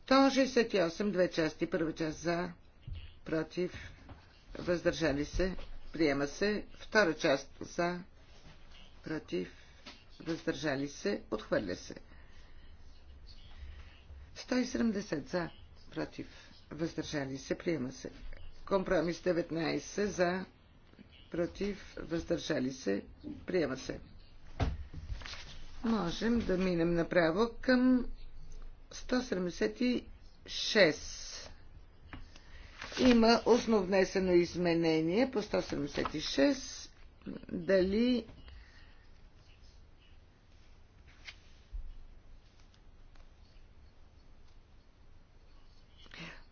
Speaker 5: 168, две части. Първа част за, против, въздържали се, приема се. Втора част за, против, въздържали се, отхвърля се. 170 за, против, въздържали се, приема се. Компромис 19 за, против, въздържали се, приема се. Можем да минем направо към 176. Има основнесено изменение по 176. Дали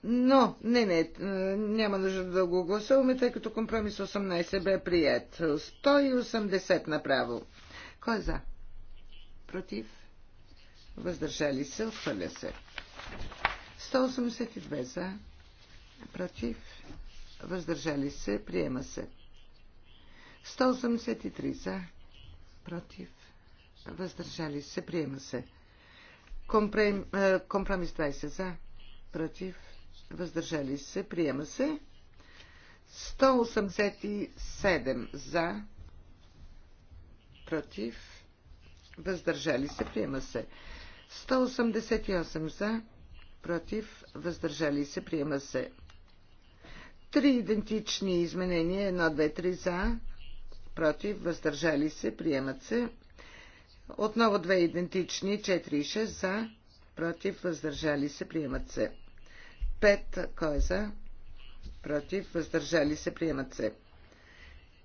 Speaker 5: Но, не, не, няма нужда да го гласуваме, тъй като компромис 18 бе прият. 180 направо. Кой е за? Против? въздържали се, отхвърля се. 182 за, против, въздържали се, приема се. 183 за, против, въздържали се, приема се. Е, компромис 20 за, против, въздържали се, приема се. 187 за, против, въздържали се, приема се. 188 за, против, въздържали се, приема се. Три идентични изменения, Едно, две, три за, против, въздържали се, приемат се. Отново две идентични, 4 и 6 за, против, въздържали се, приемат се. 5, кой е за, против, въздържали се, приемат се.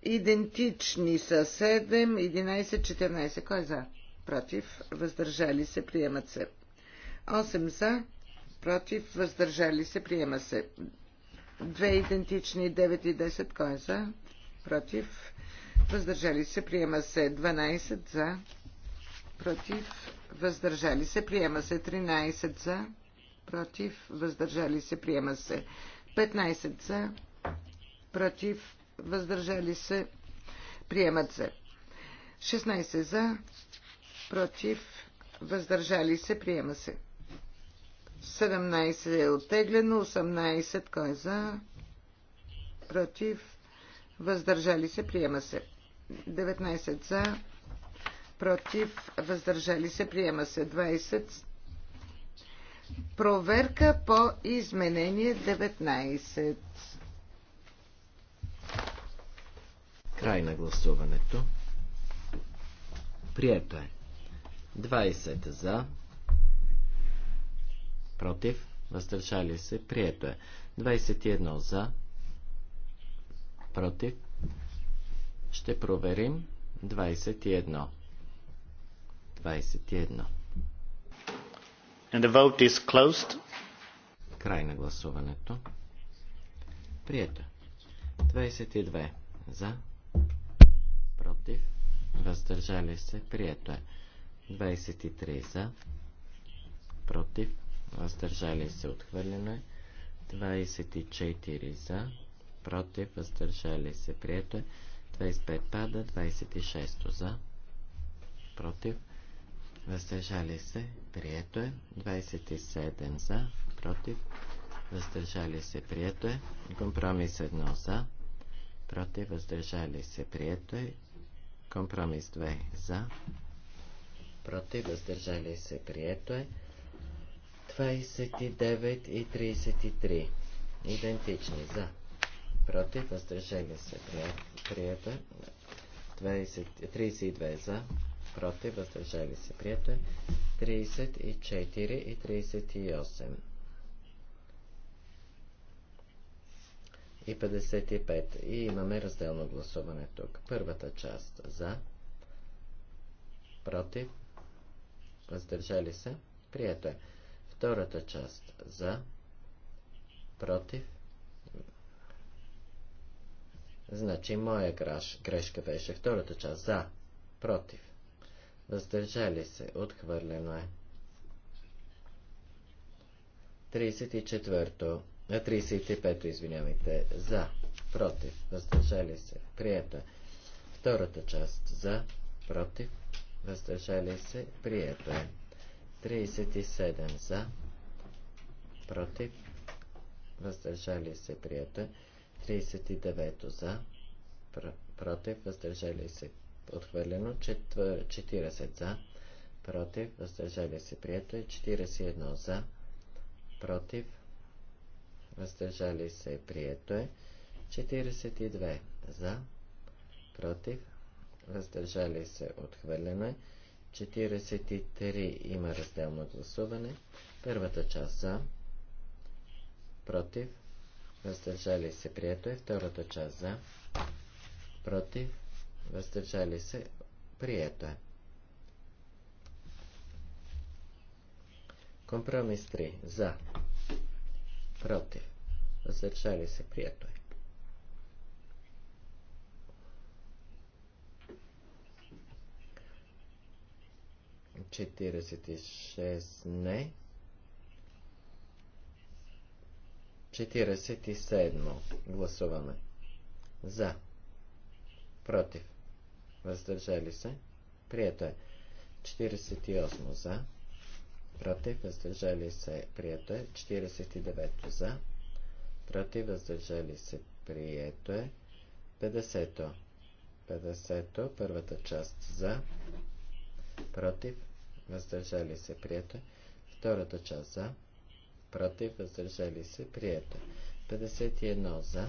Speaker 5: Идентични са 7, 11, 14. Кой е за? Против. Въздържали се. Приемат се. 8 за. Против. Въздържали се. Приема се. Две идентични 9 и 10. Кой е за? Против. Въздържали се. Приема се. 12 за. Против. Въздържали се. Приема се. 13 за. Против. Въздържали се. Приема се. 15 за. Против въздържали се, приемат се. 16 за, против, въздържали се, приема се. 17 е оттеглено, 18 кой е за, против, въздържали се, приема се. 19 за, против, въздържали се, приема се. 20 проверка по изменение 19.
Speaker 2: Край на гласуването. Прието е. 20 за. Против. Въздържали се. Прието е. 21 за. Против. Ще проверим. 21. 21.
Speaker 1: And the vote is closed. Край на гласуването.
Speaker 2: Прието. 22.
Speaker 1: Е. За
Speaker 2: против, въздържали се, прието е. 23 за, против, въздържали се, отхвърлено е. 24 за, против, въздържали се, прието е. 25 пада, 26 за, против, въздържали се, прието е. 27 за, против, въздържали се, прието е. Компромис 1 за, против, въздържали се, прието е. Компромис 2 за. Против, въздържали се, прието е. 29 и 33. Идентични е. за. Против, въздържали се, прието е. 20, 32 за. Против, въздържали се, прието е. 34 и 38 и 55. И имаме разделно гласуване тук. Първата част за, против, въздържали се, прието е. Втората част за, против. Значи моя граш, грешка беше втората част за, против. Въздържали се, отхвърлено е. 34. 35, извинявайте, за, против, въздържали се, приета. Втората част за, против, въздържали се, приета. 37 е. за, против, въздържали се, приета. Е. 39 за, против, въздържали се, отхвърлено. Е. 40 за, против, въздържали се, приета. 41 за, против, въздържали се, прието е. 42 за, против, въздържали се, отхвърлено е. 43 има разделно гласуване. Първата част за, против, въздържали се, прието е. Втората част за, против, въздържали се, прието е. Компромис 3. За против, въздържали се, прието е. Четиридесет и шест не. Четиридесет и седмо. Гласуваме. За. Против. Въздържали се. Прието е. 48 за против, въздържали се, прието е. 49 за, против, въздържали се, прието е. 50 50 първата част за, против, въздържали се, прието е. Втората част за, против, въздържали се, прието е. 51 за,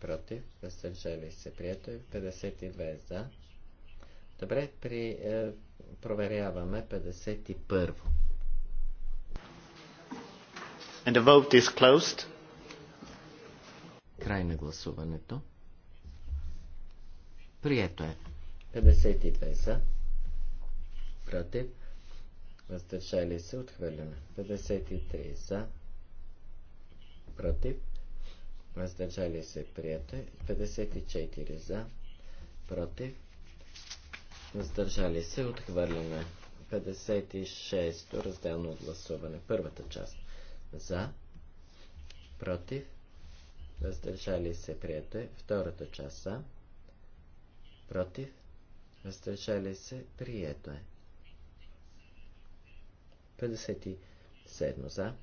Speaker 2: против, въздържали се, прието е. 52 за. Добре, при, е, проверяваме 51.
Speaker 1: And the vote is closed.
Speaker 2: Край на гласуването. Прието е. 52 за. Против. Въздържали се. Отхвърляме. 53 за. Против. Въздържали се. Прието е. 54 за. Против. Въздържали се. Отхвърляме. 56. Разделно гласуване. Първата част. За. Против. Въздържали се. Прието е. Втората част. За. Против. Въздържали се. Прието е. 57 за.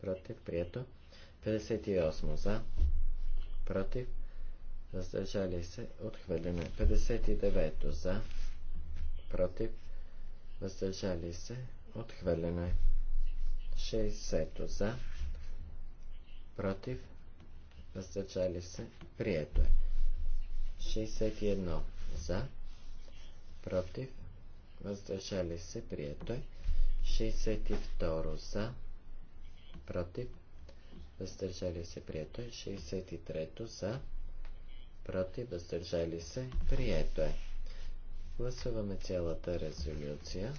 Speaker 2: Против. Прието. 58 за. Против. Въздържали се. Отхвърлено. 59 за. Против. Въздържали се. Отхвърлено е. 60 за, против, въздържали се, прието е. 61 за, против, въздържали се, прието е. 62 за, против, въздържали се, прието е. 63 за, против, въздържали се, прието е. Гласуваме цялата резолюция.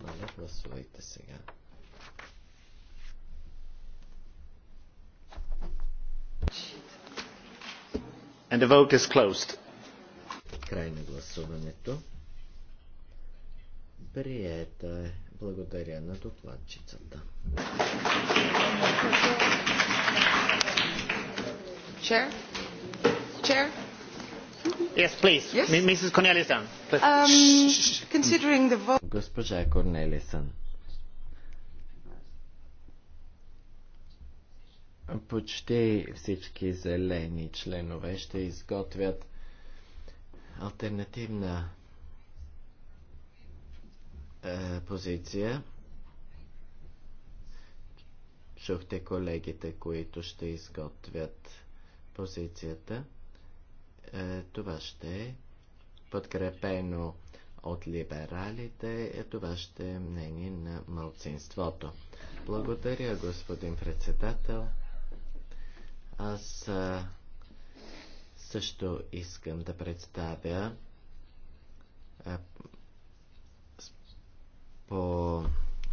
Speaker 2: Моля, гласувайте сега.
Speaker 1: And the vote is closed. Край
Speaker 2: гласуването. Прието е. Благодаря на докладчицата.
Speaker 1: Chair? Chair? Yes, please. Yes? Mrs. Cornelison.
Speaker 2: Um,
Speaker 5: considering the vote...
Speaker 2: Госпожа Корнелисън. почти всички зелени членове ще изготвят альтернативна е, позиция. Чухте колегите, които ще изготвят позицията. Е, това ще е подкрепено от либералите, е това ще е мнение на мълцинството. Благодаря, господин председател. Аз също искам да представя по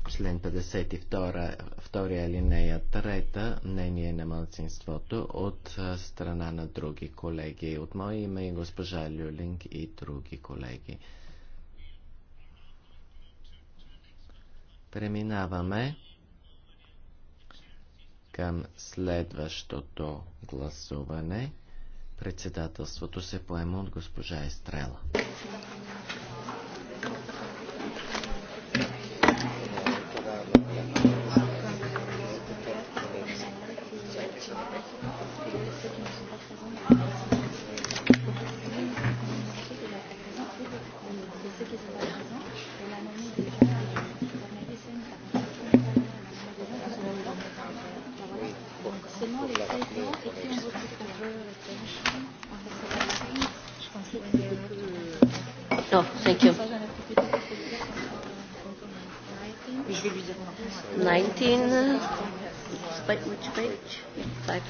Speaker 2: член 52, втория алинея трета мнение на мълцинството от страна на други колеги, от мое име и госпожа Люлинг и други колеги. Преминаваме към следващото гласуване. Председателството се поема от госпожа Естрела.
Speaker 3: No, thank you. 19. Wait, which page? Five.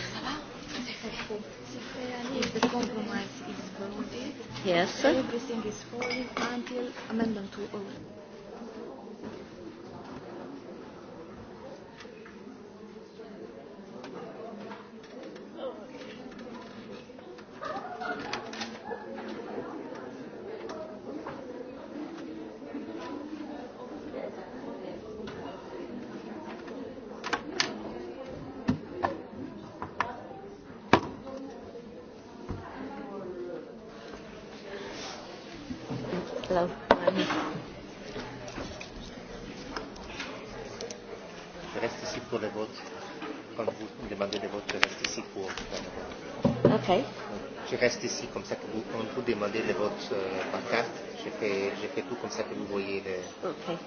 Speaker 1: Yes. Everything is falling until amendment 2. concept que vous voyez de...
Speaker 3: Okay.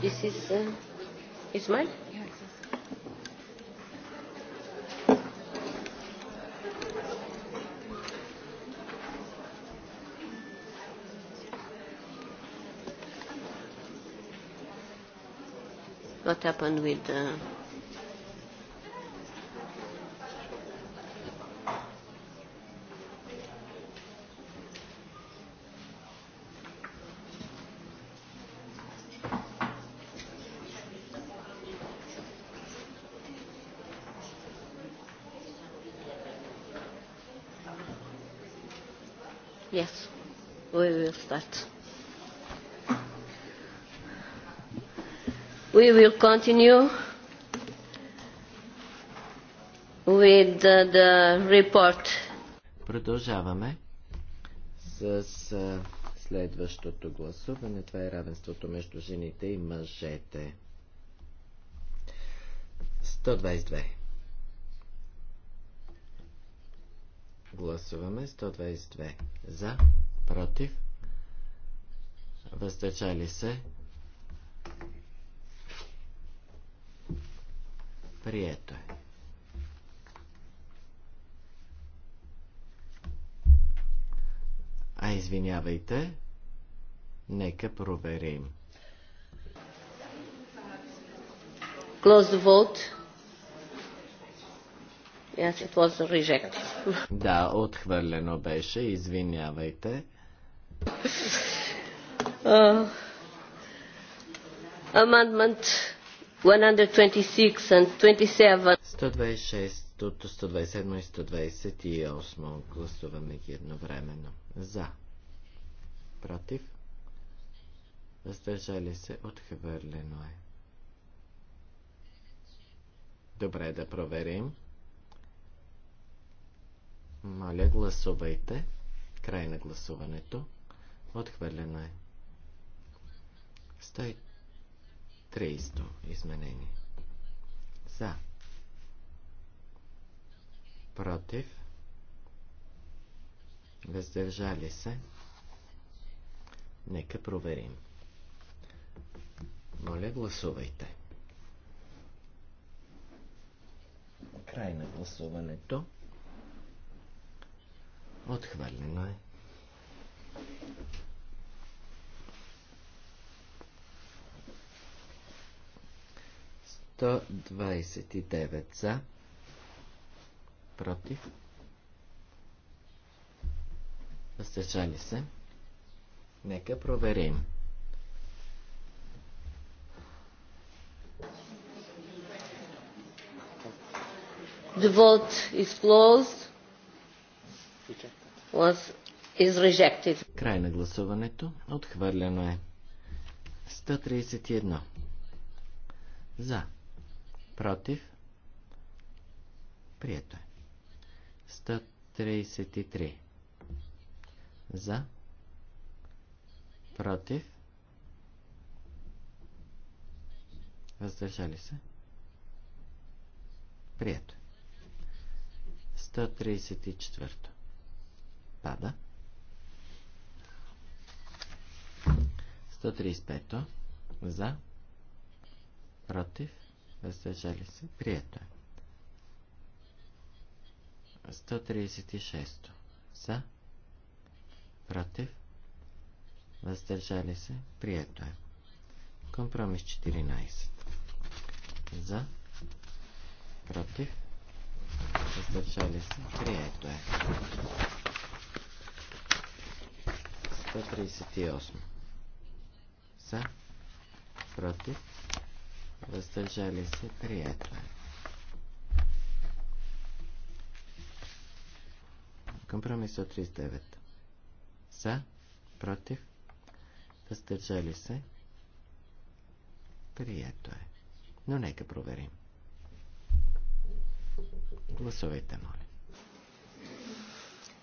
Speaker 3: This is What happened with uh, will continue with the, the report.
Speaker 2: Продължаваме с следващото гласуване. Това е равенството между жените и мъжете. 122. Гласуваме 122. За, против, въздържали се, Прието е. А извинявайте, нека проверим.
Speaker 3: Close the vote. Yes, it was rejected.
Speaker 2: Да, отхвърлено беше, извинявайте.
Speaker 3: Uh, amendment 126 127
Speaker 2: и 128 гласуваме ги едновременно. За. Против. Въздържали се. Отхвърлено е. Добре, да проверим. Моля, гласувайте. Край на гласуването. Отхвърлено е. 130. 30 изменение. За. Против. Въздържали се. Нека проверим. Моля, гласувайте. Край на гласуването. Отхвърлено е. 129 за, против, въздържани се. Нека проверим.
Speaker 3: The vote is closed. Was is rejected.
Speaker 1: Край на
Speaker 2: гласуването. Отхвърлено е. 131. За. Против. Прието е. 133. За. Против. Въздържали се. Прието. 134. Е. Пада. 135. За. Против въздържали се, прието е. 136. За, против, въздържали се, прието е. Компромис 14. За, против, въздържали се, прието е. 138. За, против, въздържали се, прието е. Компромис 39. За, против, въздържали се, прието е. Но нека проверим. Гласувайте, моля.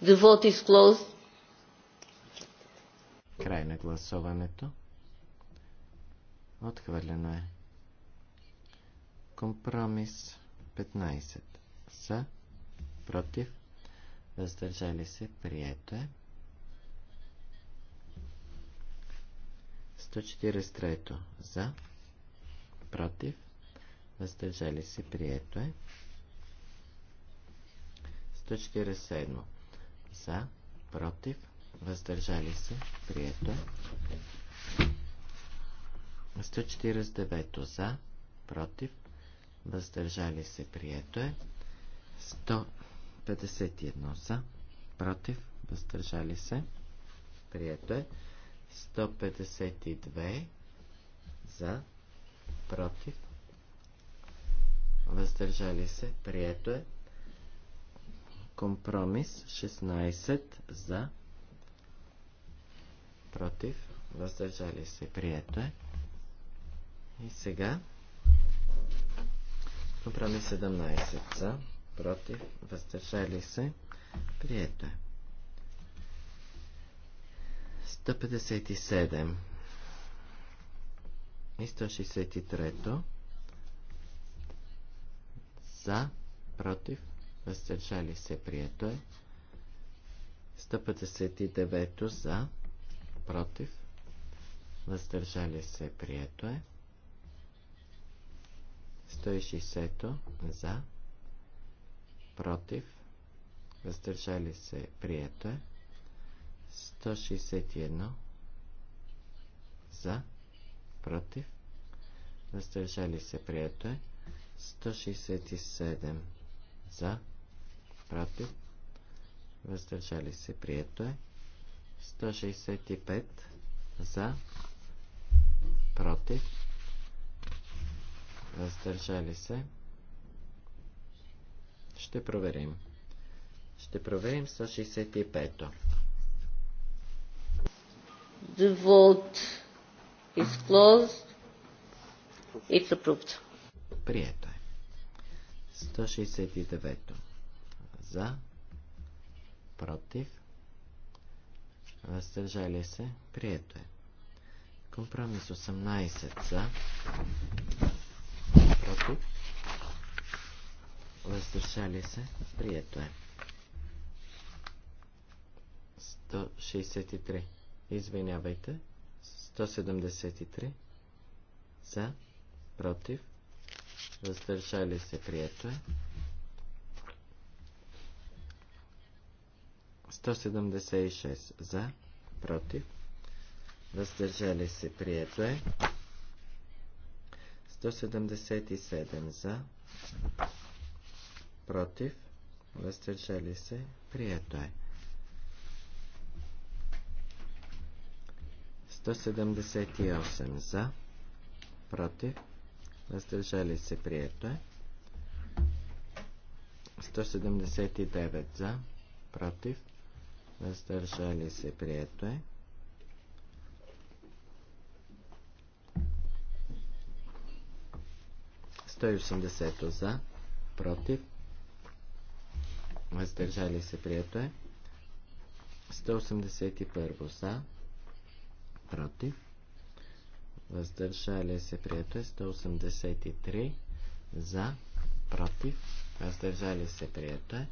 Speaker 3: The vote is closed.
Speaker 2: Край на гласуването. Отхвърлено е. Компромис 15. За, против, въздържали се, прието е. 143. За, против, въздържали се, прието е. 147. За, против, въздържали се, прието е. 149. За, против, въздържали се, прието е. 151 за, против, въздържали се, прието е. 152 за, против, въздържали се, прието е. Компромис 16 за, против, въздържали се, прието е. И сега Компромис 17 за, против, въздържали се, прието е. 157 и 163 за, против, въздържали се, прието е. 159 за, против, въздържали се, прието е. 160 за, против, въздържали се, прието е. 161 за, против, въздържали се, прието е. 167 за, против, въздържали се, прието е. 165 за, против, въздържали се. Ще проверим. Ще проверим 165-то.
Speaker 3: The vote is closed. It's approved.
Speaker 2: Прието е. 169-то. За. Против. Въздържали се. Прието е. Компромис 18 за против, въздържали се, прието е. 163. Извинявайте. 173. За, против, въздържали се, прието е. 176 за, против, въздържали се, прието е. 177 за, против, въздържали се, прието е. 178 за, против, въздържали се, прието е. 179 за, против, въздържали се, прието е. 180 за, против, въздържали се, прието е. 181 за, против, въздържали се, прието е. 183 за, против, въздържали се, прието е.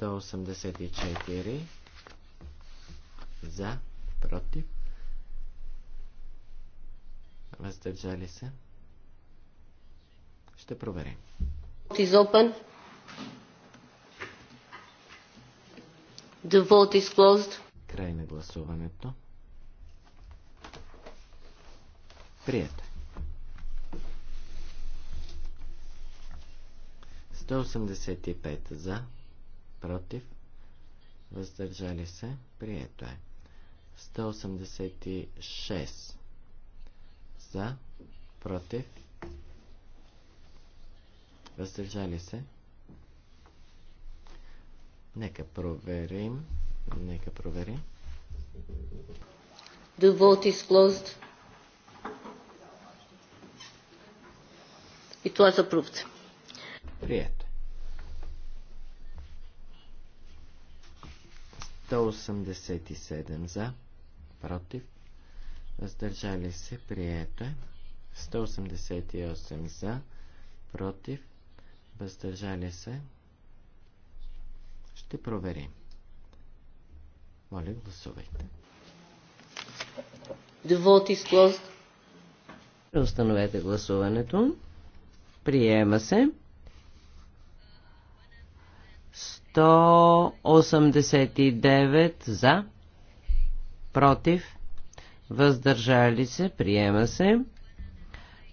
Speaker 2: 184 за, против, въздържали се, ще проверим.
Speaker 3: Is open. The vote is closed.
Speaker 2: Край на гласуването. Прието. 185 е. за, против, въздържали се, прието е. 186 за, против, въздържали се. Нека проверим. Нека проверим.
Speaker 3: The vote is closed. It was approved.
Speaker 2: Прият. 187 за, против, въздържали се, прието е. 188 за, против, въздържали се, ще проверим. Моля, гласувайте.
Speaker 4: The vote is closed. Установете гласуването. Приема се. 189 за, против, въздържали се, приема се.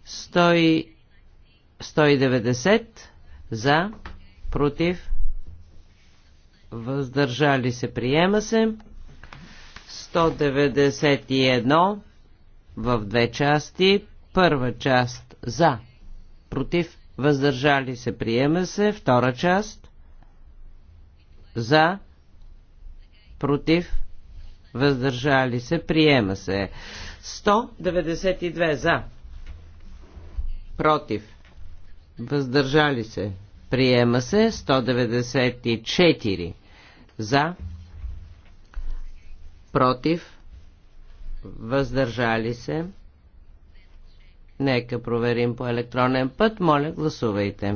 Speaker 4: 100, 190 за, против, въздържали се, приема се. 191 в две части. Първа част за, против, въздържали се, приема се. Втора част за, против, въздържали се, приема се. 192 за, против, въздържали се, Приема се 194 за, против, въздържали се. Нека проверим по електронен път. Моля, гласувайте.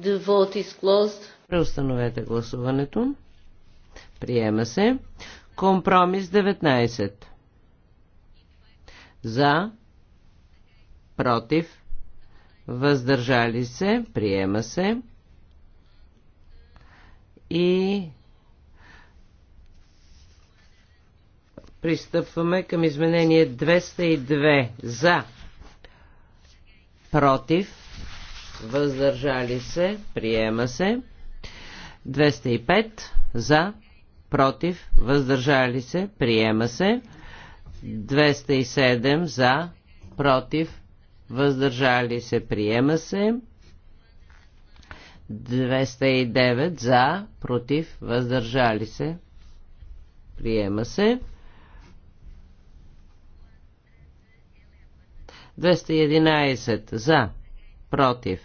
Speaker 3: The vote is closed.
Speaker 4: Преустановете гласуването. Приема се. Компромис 19. За. Против въздържали се, приема се и пристъпваме към изменение 202 за против въздържали се, приема се 205 за против въздържали се, приема се 207 за против въздържали се, приема се. 209 за, против, въздържали се, приема се. 211 за, против,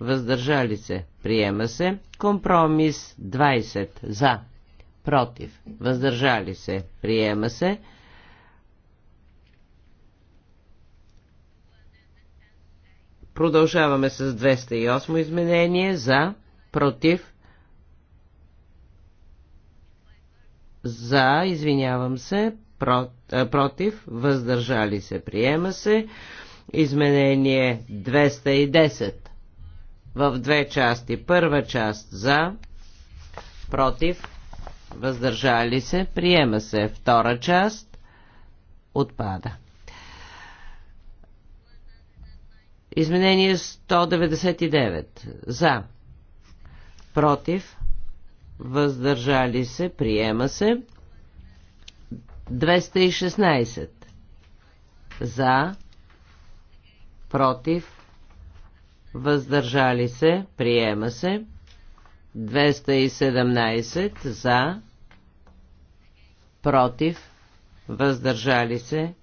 Speaker 4: въздържали се, приема се. Компромис 20 за, против, въздържали се, приема се. Продължаваме с 208 изменение за, против, за, извинявам се, а, против, въздържали се, приема се. Изменение 210 в две части. Първа част за, против, въздържали се, приема се. Втора част отпада. Изменение 199. За. Против. Въздържали се. Приема се. 216. За. Против. Въздържали се. Приема се. 217. За. Против. Въздържали се.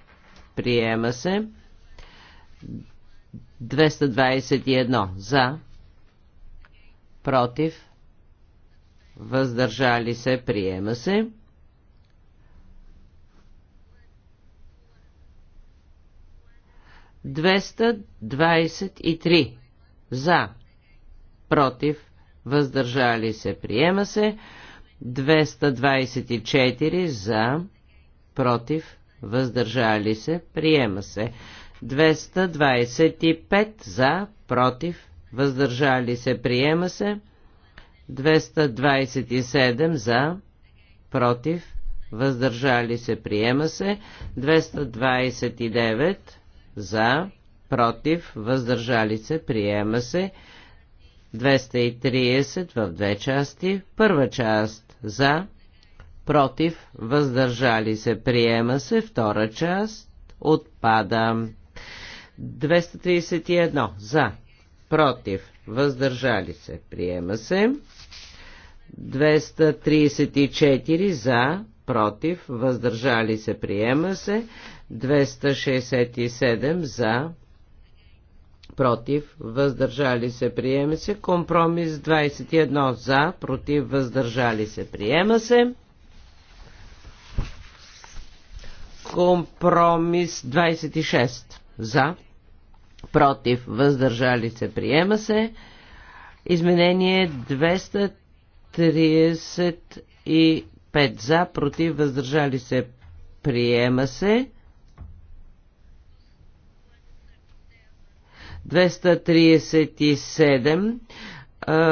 Speaker 4: Приема се. 221 за, против, въздържали се, приема се. Двеста за, против, въздържали се, приема се. 224 за, против, въздържали се, приема се. 225 за, против, въздържали се, приема се. 227 за, против, въздържали се, приема се. 229 за, против, въздържали се, приема се. 230 в две части. Първа част за, против, въздържали се, приема се. Втора част отпада. 231 за, против, въздържали се, приема се. 234 за, против, въздържали се, приема се. 267 за, против, въздържали се, приема се. Компромис 21 за, против, въздържали се, приема се. Компромис 26 за, против, въздържали се, приема се. Изменение 235 за, против, въздържали се, приема се. 237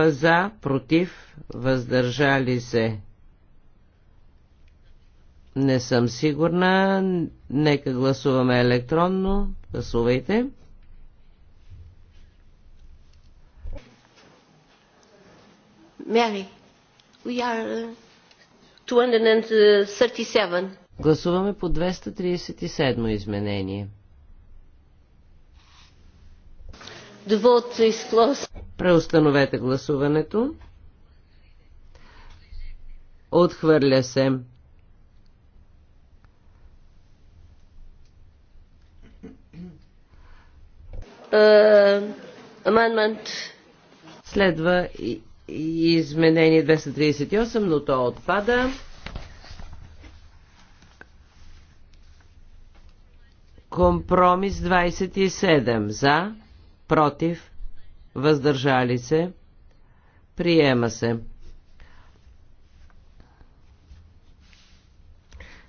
Speaker 4: за, против, въздържали се. Не съм сигурна. Нека гласуваме електронно. Гласувайте.
Speaker 3: we are 237. Uh,
Speaker 4: Гласуваме по 237 изменение.
Speaker 3: The vote is closed.
Speaker 4: Преустановете гласуването. Отхвърля се. Uh, amendment. Следва и изменение 238, но то отпада. Компромис 27. За, против, въздържали се, приема се.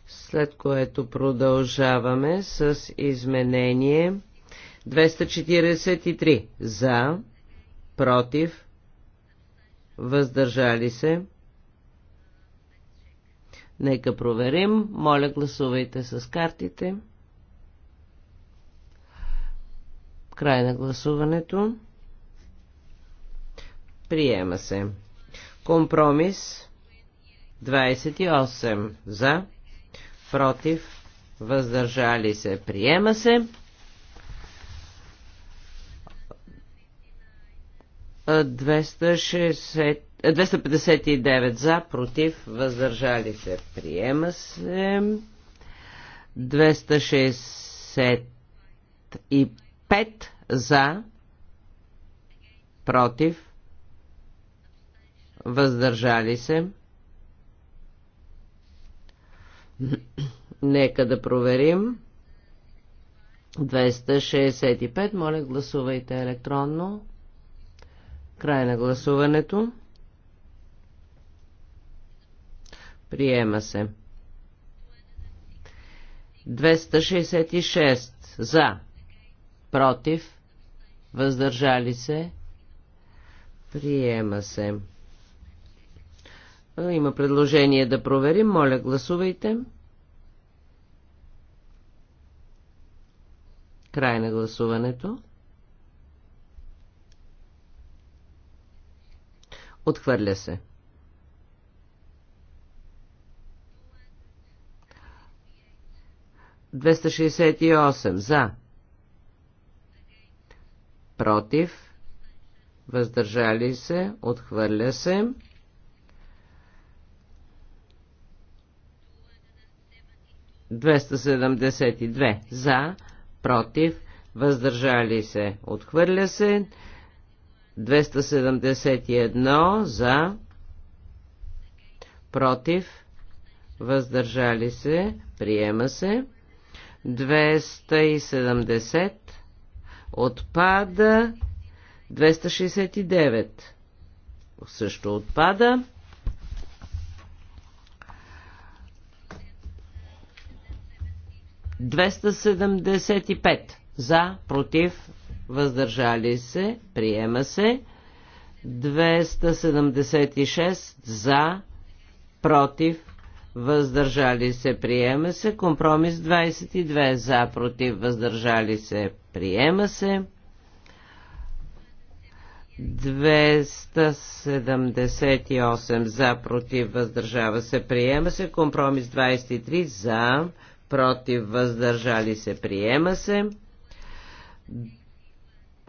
Speaker 4: След което продължаваме с изменение 243. За, против, въздържали се. Нека проверим. Моля, гласувайте с картите. Край на гласуването. Приема се. Компромис 28 за, против, въздържали се. Приема се. 260, 259 е, за, против, въздържали се. Приема се. 265 за, против, въздържали се. Нека да проверим. 265, моля гласувайте електронно. Край на гласуването. Приема се. 266 за, против, въздържали се, приема се. Има предложение да проверим. Моля, гласувайте. Край на гласуването. Отхвърля се. Двеста за. Против. Въздържали се. Отхвърля се. 272 за, против, въздържали се, отхвърля се, 271 за, против, въздържали се, приема се. 270 отпада. 269 също отпада. Двеста за, против, въздържали се, приема се. 276 за, против, въздържали се, приема се. Компромис 22 за, против, въздържали се, приема се. 278 за, против, въздържава се, приема се. Компромис 23 за, против, въздържали се, приема се.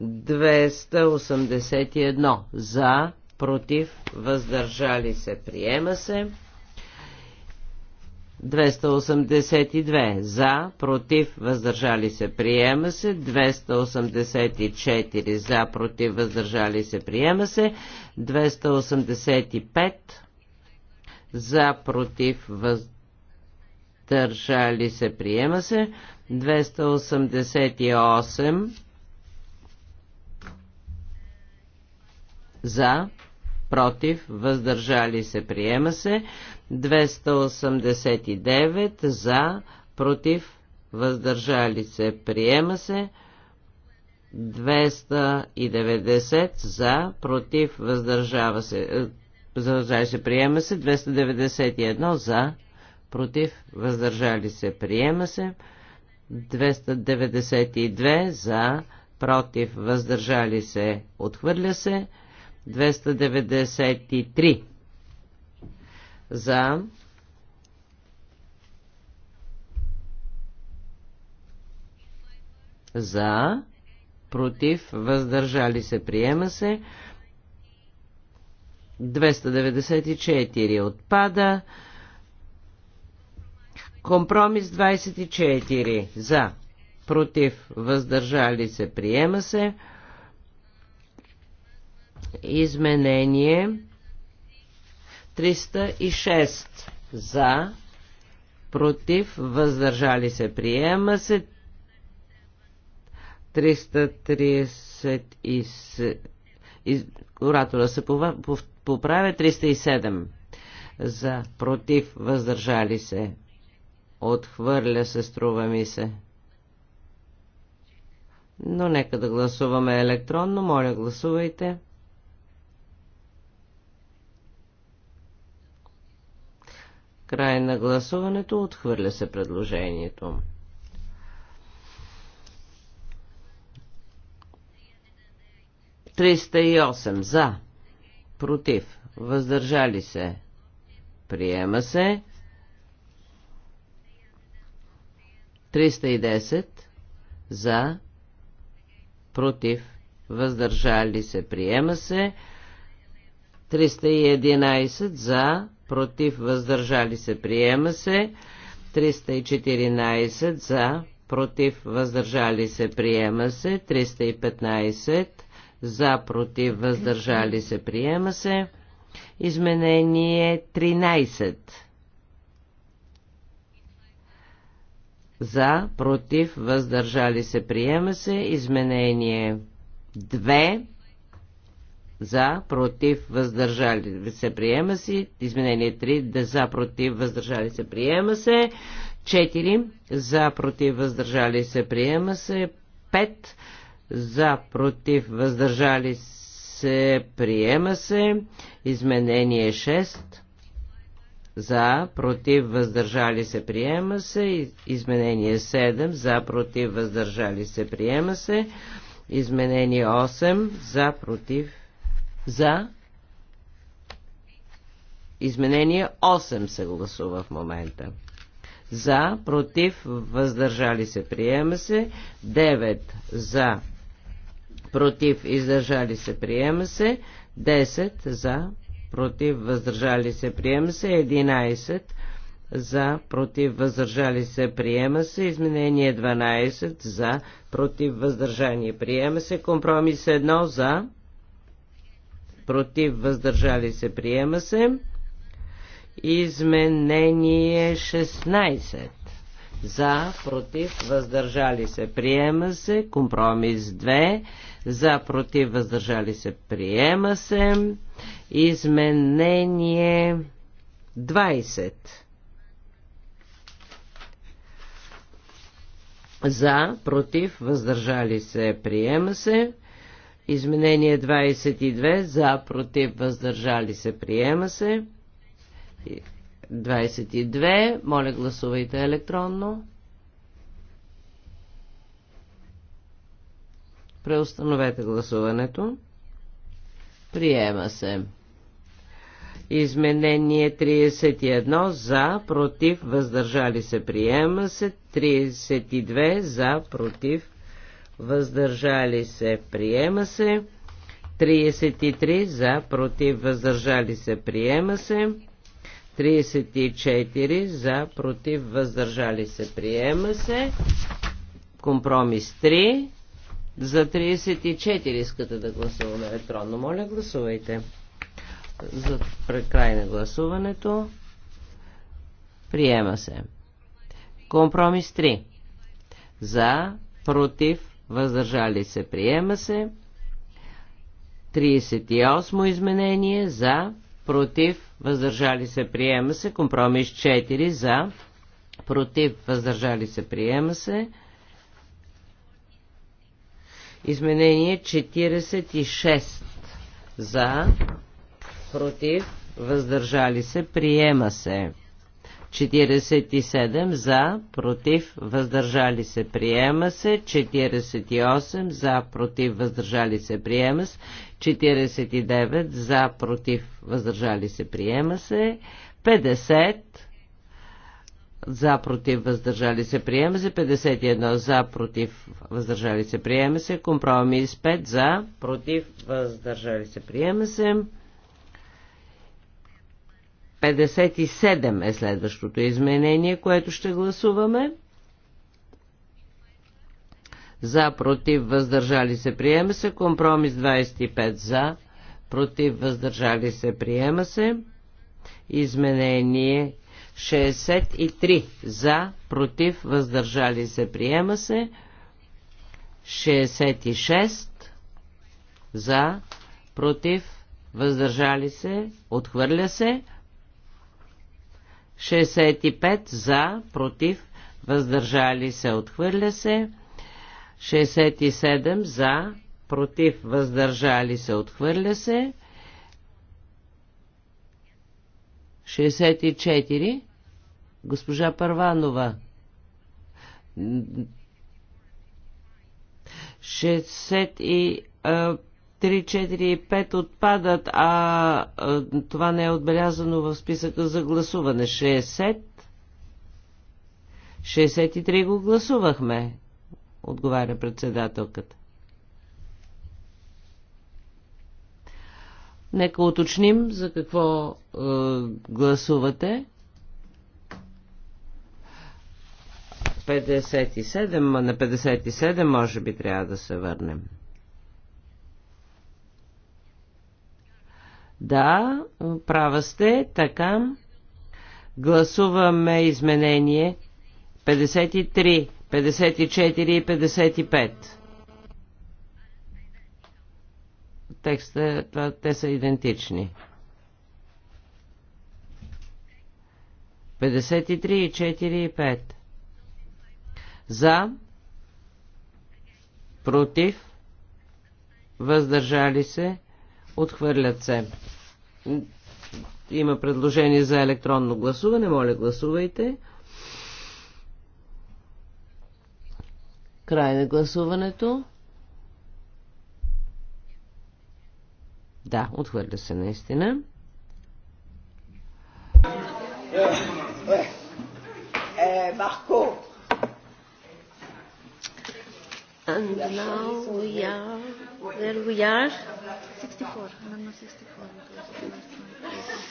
Speaker 4: 281 за, против, въздържали се, приема се. 282 за, против, въздържали се, приема се. 284 за, против, въздържали се, приема се. 285 за, против, въздържали се, приема се. 288 за, против, въздържали се, приема се. 289 за, против, въздържали се, приема се. 290 за, против, въздържава се, е, въздържали се, приема се. 291 за, против, въздържали се, приема се. 292 за, против, въздържали се, отхвърля се. 293 за за против въздържали се приема се 294 отпада компромис 24 за против въздържали се приема се Изменение 306 за, против, въздържали се, приема се 330 из... оратора се поправя 307 за, против, въздържали се, отхвърля се, струва ми се. Но нека да гласуваме електронно, моля гласувайте. Край на гласуването. Отхвърля се предложението. Триста и осем за. Против. Въздържали се. Приема се. 310 за, против, въздържали се, приема се. 311 за, против, въздържали се, приема се. 314 за, против, въздържали се, приема се. 315 за, против, въздържали се, приема се. Изменение 13. За, против, въздържали се, приема се. Изменение 2 за, против, въздържали се, приема се. Изменение 3, за, против, въздържали се, приема се. 4, за, против, въздържали се, приема се. 5, за, против, въздържали се, приема се. Изменение 6, за, против, въздържали се, приема се. Изменение 7, за, против, въздържали се, приема се. Изменение 8, за, против, за изменение 8 се гласува в момента. За, против, въздържали се, приема се. 9 за, против, издържали се, приема се. 10 за, против, въздържали се, приема се. 11 за, против, въздържали се, приема се. Изменение 12 за, против, въздържание, приема се. Компромис 1 за, против, въздържали се, приема се. Изменение 16. За, против, въздържали се, приема се. Компромис 2. За, против, въздържали се, приема се. Изменение 20. За, против, въздържали се, приема се. Изменение 22 за, против, въздържали се, приема се. 22. Моля, гласувайте електронно. Преустановете гласуването. Приема се. Изменение 31 за, против, въздържали се, приема се. 32 за, против, въздържали се, приема се. 33 за, против, въздържали се, приема се. 34 за, против, въздържали се, приема се. Компромис 3. За 34 искате да гласуваме електронно. Моля, гласувайте. За прекрай на гласуването. Приема се. Компромис 3. За, против, въздържали се, приема се. 38 изменение за, против, въздържали се, приема се. Компромис 4 за, против, въздържали се, приема се. Изменение 46 за, против, въздържали се, приема се. 47 за, против, въздържали се, приема се. 48 за, против, въздържали се, приема се. 49 за, против, въздържали се, приема се. 50 за, против, въздържали се, приема се. 51 за, против, въздържали се, приема се. Компромис 5 за, против, въздържали се, приема се. 57 е следващото изменение, което ще гласуваме. За, против, въздържали се, приема се. Компромис 25 за, против, въздържали се, приема се. Изменение 63 за, против, въздържали се, приема се. 66 за, против, въздържали се, отхвърля се. 65 за, против, въздържали се, отхвърля се. 67 за, против, въздържали се, отхвърля се. 64. Госпожа Първанова. 65 3, 4 и 5 отпадат, а това не е отбелязано в списъка за гласуване. 60. 63 го гласувахме, отговаря председателката. Нека уточним за какво е, гласувате. 57, на 57 може би трябва да се върнем. Да, права сте, така. Гласуваме изменение 53, 54 и 55. Текста, това, те са идентични. 53 и 4 и 5. За, против, въздържали се, Отхвърлят се. Има предложение за електронно гласуване. Моля, гласувайте. Край на гласуването. Да, отхвърля се наистина.
Speaker 3: Е, бах, And now we are, where we are? 64,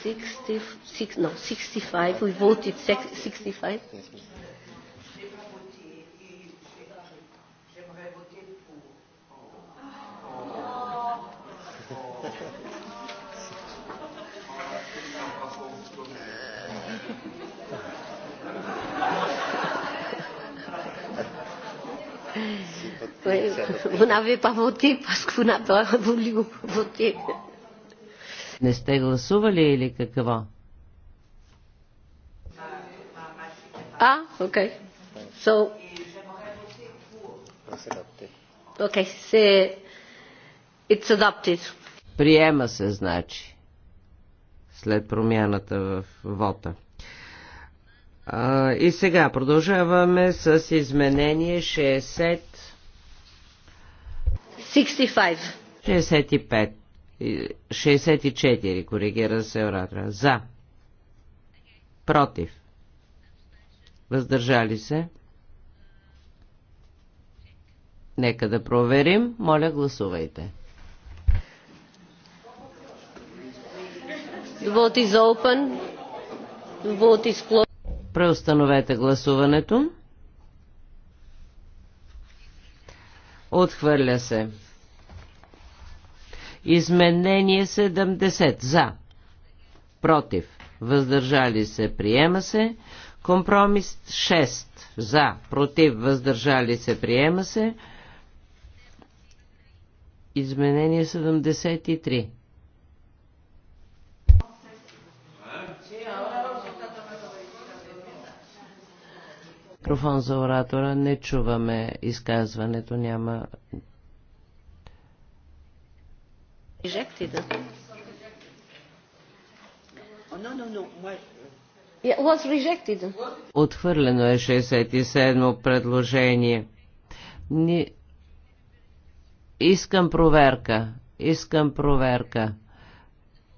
Speaker 3: 60, six, no, 65, we voted 65. Oui, vous n'avez pas voté parce que vous n'avez pas voulu voter.
Speaker 4: Не сте гласували или какво?
Speaker 3: А, окей. Окей. се, it's adopted.
Speaker 4: Приема се, значи, след промяната в вота. А, и сега продължаваме с изменение 60 65. 64, коригира се оратора. За. Против. Въздържали се. Нека да проверим. Моля, гласувайте.
Speaker 3: Vote is open. Vote is closed.
Speaker 4: Преустановете гласуването. Отхвърля се. Изменение 70 за. Против. Въздържали се. Приема се. Компромис 6 за. Против. Въздържали се. Приема се. Изменение 73. Микрофон за оратора. Не чуваме изказването. Няма
Speaker 3: Rejected. It oh, was rejected.
Speaker 4: Отхвърлено е 67-о предложение. Ни... Искам проверка. Искам проверка.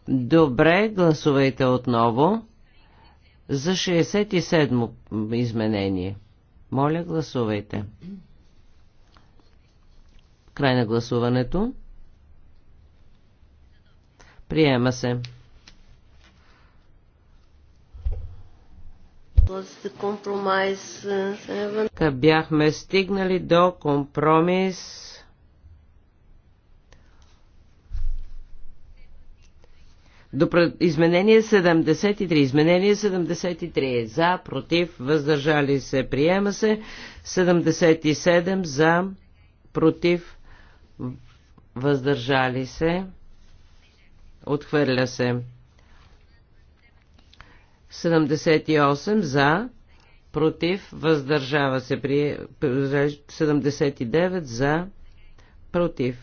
Speaker 4: Добре, гласувайте отново за 67-о изменение. Моля, гласувайте. Край на гласуването. Приема се. Та бяхме стигнали до компромис до изменение 73. Изменение 73. За, против, въздържали се, приема се. 77 за, против, въздържали се. Отхвърля се. 78 за, против, въздържава се. При 79 за, против,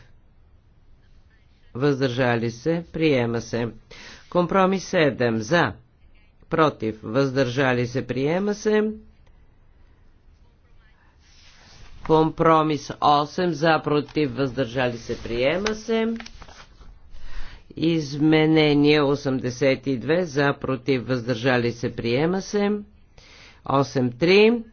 Speaker 4: въздържали се, приема се. Компромис 7 за, против, въздържали се, приема се. Компромис 8 за, против, въздържали се, приема се. Изменение 82 за против въздържали се приема се. 8.3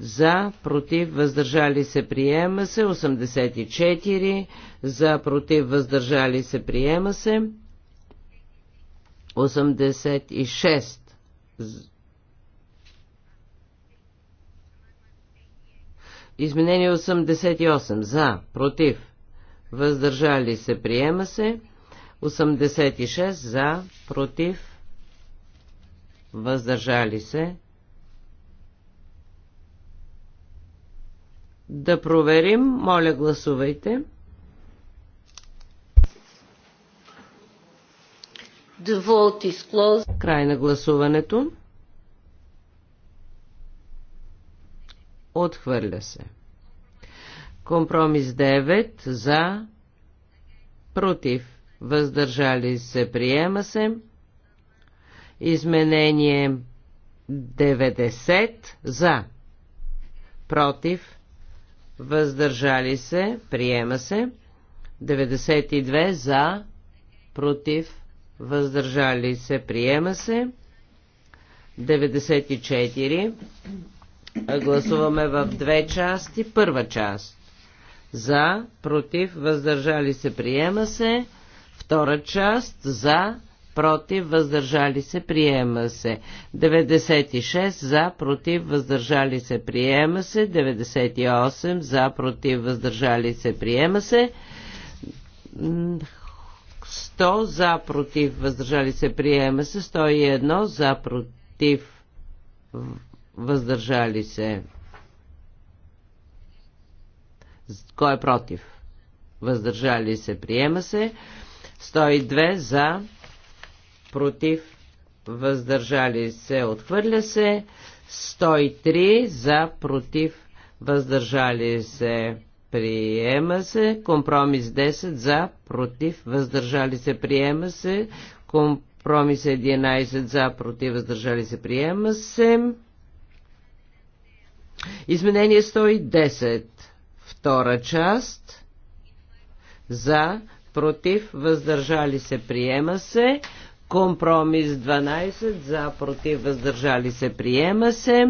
Speaker 4: за против въздържали се приема се. 84 за против въздържали се приема се. 86 Изменение 88 за против въздържали се приема се. 86 за, против, въздържали се. Да проверим. Моля, гласувайте. Край на гласуването. Отхвърля се. Компромис 9 за, против, въздържали се, приема се. Изменение 90 за, против, въздържали се, приема се. 92 за, против, въздържали се, приема се. 94. Гласуваме в две части. Първа част. За, против, въздържали се, приема се. Втора част за, против, въздържали се, приема се. 96 за, против, въздържали се, приема се. 98 за, против, въздържали се, приема се. 100 за, против, въздържали се, приема се. 101 за, против, въздържали се. Кой е против? Въздържали се, приема се. 102 за, против, въздържали се, отхвърля се. 103 за, против, въздържали се, приема се. Компромис 10 за, против, въздържали се, приема се. Компромис 11 за, против, въздържали се, приема се. Изменение 110. Втора част. За, против, въздържали се, приема се. Компромис 12 за, против, въздържали се, приема се.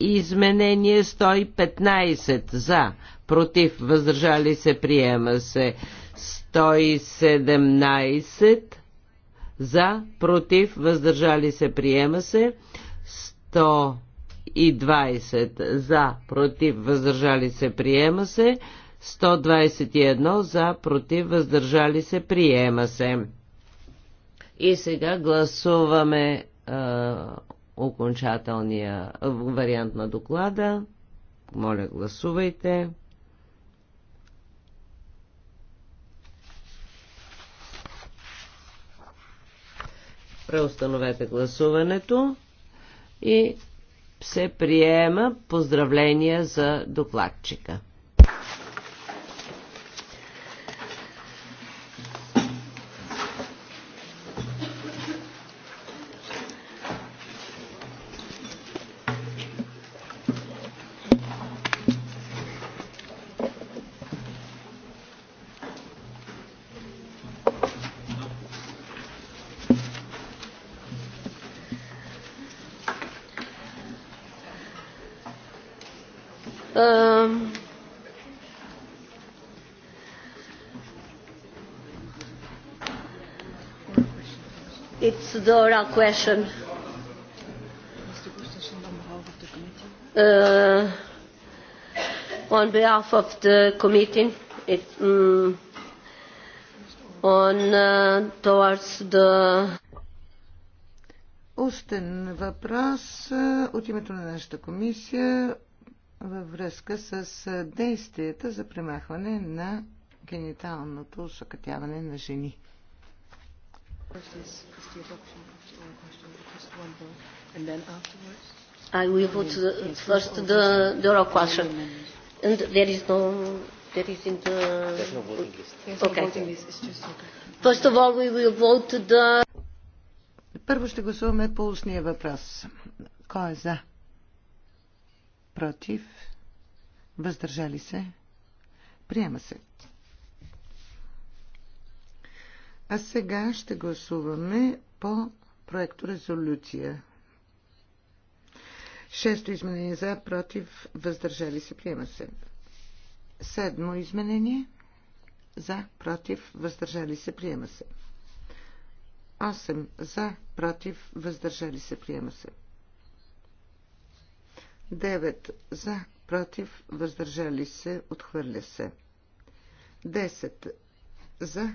Speaker 4: Изменение 115 за, против, въздържали се, приема се. 117 за, против, въздържали се, приема се. 120 за, против, въздържали се, приема се. 121 за, против, въздържали се, приема се. И сега гласуваме е, окончателния вариант на доклада. Моля, гласувайте. Преустановете гласуването и се приема поздравления за докладчика.
Speaker 3: the uh, oral question. Uh, on behalf of the committee, it, um,
Speaker 5: on uh, towards the Устен въпрос uh, от името на нашата комисия във връзка с uh, действията за премахване на гениталното усъкътяване на жени. I will put the, first the, the oral question.
Speaker 3: And there is no, there is in the. There's no voting list. okay. no voting list. It's just
Speaker 5: okay. First of all, we will vote the. Първо ще гласуваме по устния въпрос. Кой е за? Против? Въздържали се? Приема се. А сега ще гласуваме по проекто резолюция. Шесто изменение за, против, въздържали се, приема се. Седмо изменение за, против, въздържали се, приема се. Осем за, против, въздържали се, приема се. Девет за, против, въздържали се, отхвърля се. Десет за,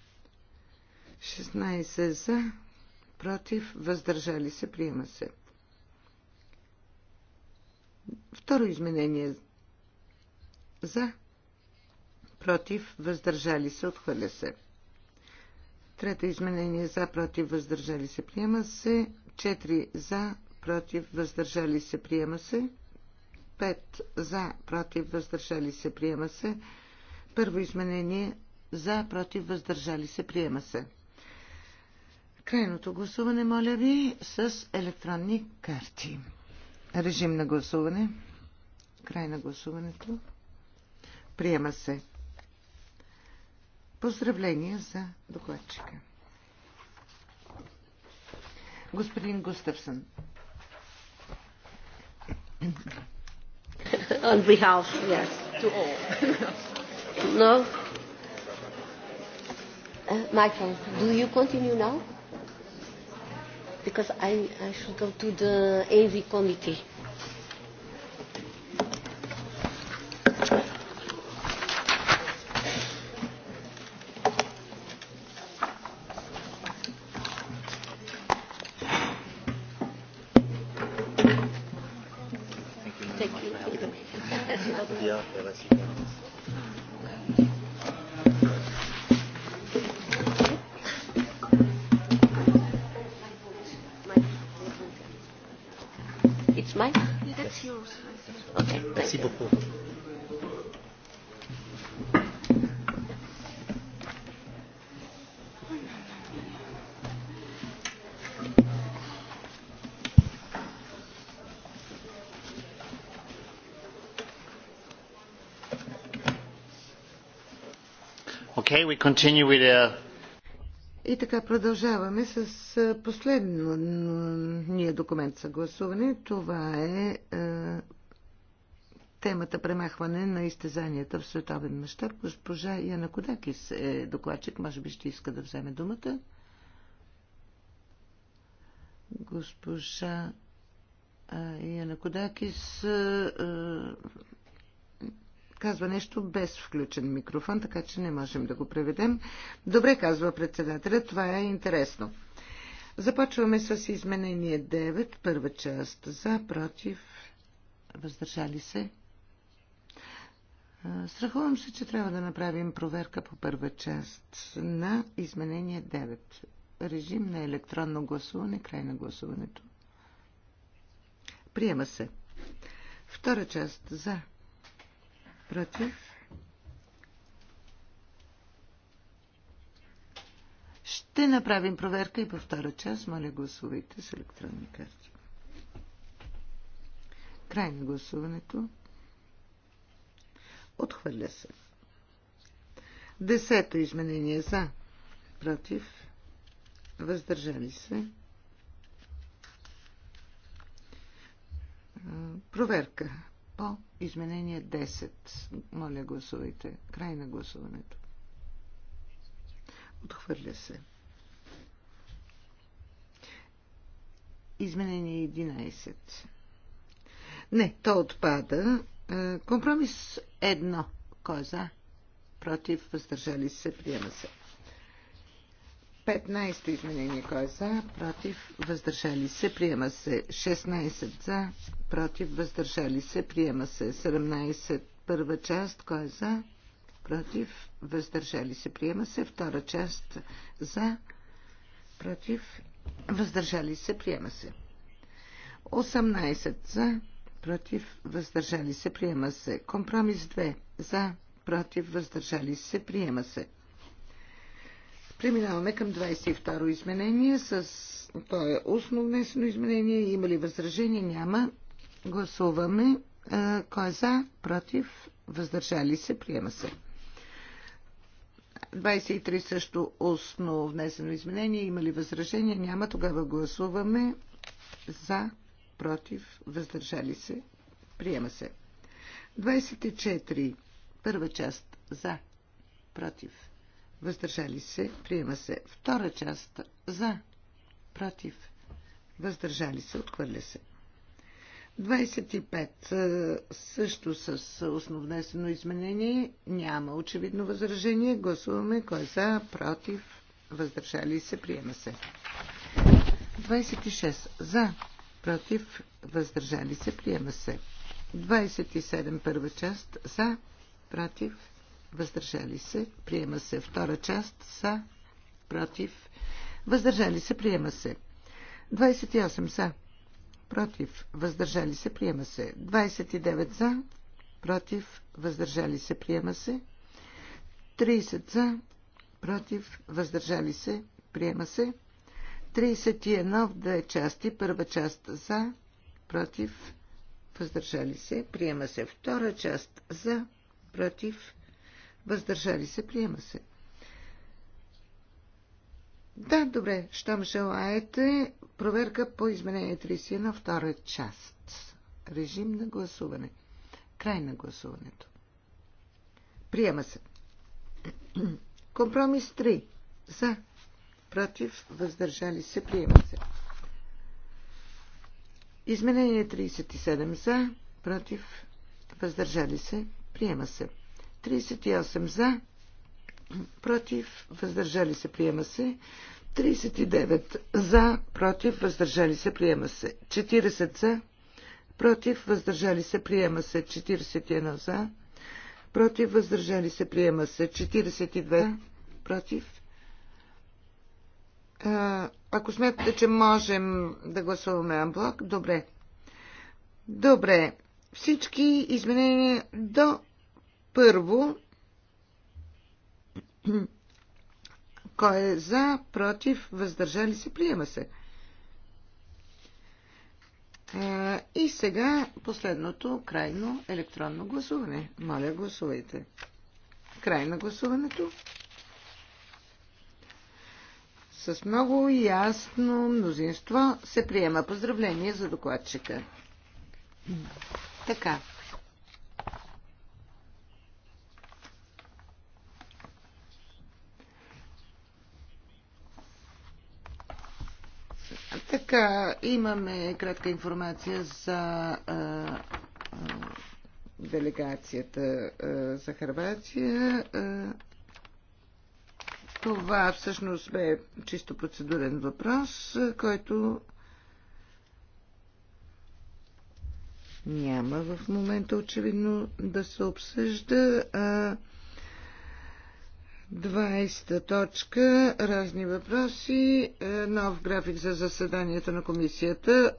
Speaker 5: 16 за, против, въздържали се, приема се. Второ изменение за, против, въздържали се, отхвърля се. Трето изменение за, против, въздържали се, приема се. 4 за, против, въздържали се, приема се. 5 за, против, въздържали се, приема се. Първо изменение за, против, въздържали се, приема се. Крайното гласуване, моля ви, с електронни карти. Режим на гласуване. Край на гласуването. Приема се. Поздравления за докладчика. Господин Густавсън. On behalf, yes, to all.
Speaker 3: no? Uh, Michael, do you continue now? because I, I should go to the AV committee.
Speaker 1: Okay, we continue with uh,
Speaker 5: И така продължаваме с последния документ за гласуване. Това е, е темата премахване на изтезанията в световен мащаб. Госпожа Яна Кодакис е докладчик. Може би ще иска да вземе думата. Госпожа Яна Кодакис е, казва нещо без включен микрофон, така че не можем да го преведем. Добре, казва председателя, това е интересно. Започваме с изменение 9, първа част. За, против, въздържали се. Страхувам се, че трябва да направим проверка по първа част на изменение 9. Режим на електронно гласуване, край на гласуването. Приема се. Втора част за, против. Ще направим проверка и по втора част. Моля, гласувайте с електронни карти. Край на гласуването. Отхвърля се. Десето изменение за. Против. Въздържали се. Проверка по изменение 10. Моля, гласувайте. Край на гласуването. Отхвърля се. Изменение 11. Не, то отпада. Е, компромис 1. Кой е за? Против, въздържали се, приема се. 15 изменение. Кой е за? Против. Въздържали се. Приема се. 16 за. Против. Въздържали се. Приема се. 17. Първа част. Кой е за? Против. Въздържали се. Приема се. Втора част. За. Против. Въздържали се. Приема се. 18 за. Против. Въздържали се. Приема се. Компромис 2. За. Против. Въздържали се. Приема се. Преминаваме към 22-ро изменение. С... То е устно внесено изменение. Има ли възражение? Няма. Гласуваме. Кой е за? Против? Въздържали се? Приема се. 23 също устно внесено изменение. Има ли възражение? Няма. Тогава гласуваме за, против, въздържали се. Приема се. 24. Първа част за, против, въздържали се, приема се. Втора част за, против, въздържали се, отхвърля се. 25 също с основнесено изменение. Няма очевидно възражение. Гласуваме кой е за, против, въздържали се, приема се. 26 за, против, въздържали се, приема се. 27 първа част за, против, въздържали се, приема се. Втора част са против, въздържали се, приема се. 28 са против, въздържали се, приема се. 29 за, против, въздържали се, приема се. 30 за, против, въздържали се, приема се. 31 в две части. Първа част за, против, въздържали се, приема се. Втора част за, против, въздържали се, приема се. Да, добре, щом желаете, проверка по изменение 31, втора част. Режим на гласуване. Край на гласуването. Приема се. Компромис 3. За. Против. Въздържали се. Приема се. Изменение 37. За. Против. Въздържали се. Приема се. 38 за, против, въздържали се, приема се. 39 за, против, въздържали се, приема се. 40 за, против, въздържали се, приема се. 41 за, против, въздържали се, приема се. 42 против. Ако смятате, че можем да гласуваме амблок, добре. Добре. Всички изменения до първо, кой е за, против, въздържали се, приема се. И сега последното крайно електронно гласуване. Моля, гласувайте. Край на гласуването. С много ясно мнозинство се приема поздравление за докладчика. Така. Така, имаме кратка информация за а, делегацията а, за Харватия. това всъщност бе чисто процедурен въпрос, който няма в момента очевидно да се обсъжда. А, 20 точка. Разни въпроси. Е, нов график за заседанието на комисията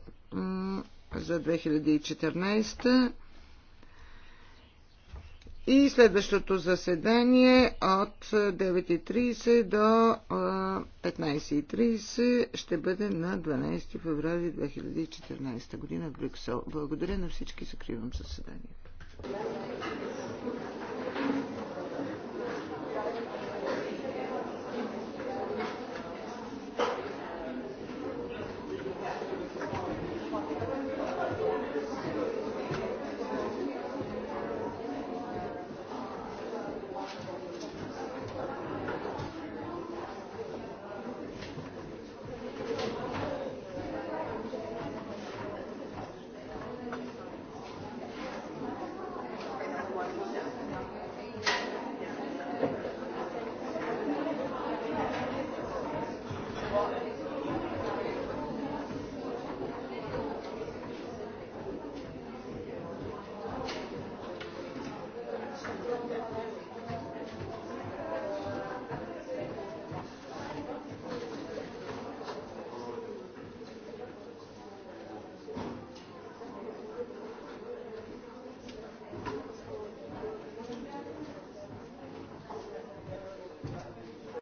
Speaker 5: за 2014. И следващото заседание от 9.30 до 15.30 ще бъде на 12 феврари 2014 година в Брюксел. Благодаря на всички. Закривам заседанието.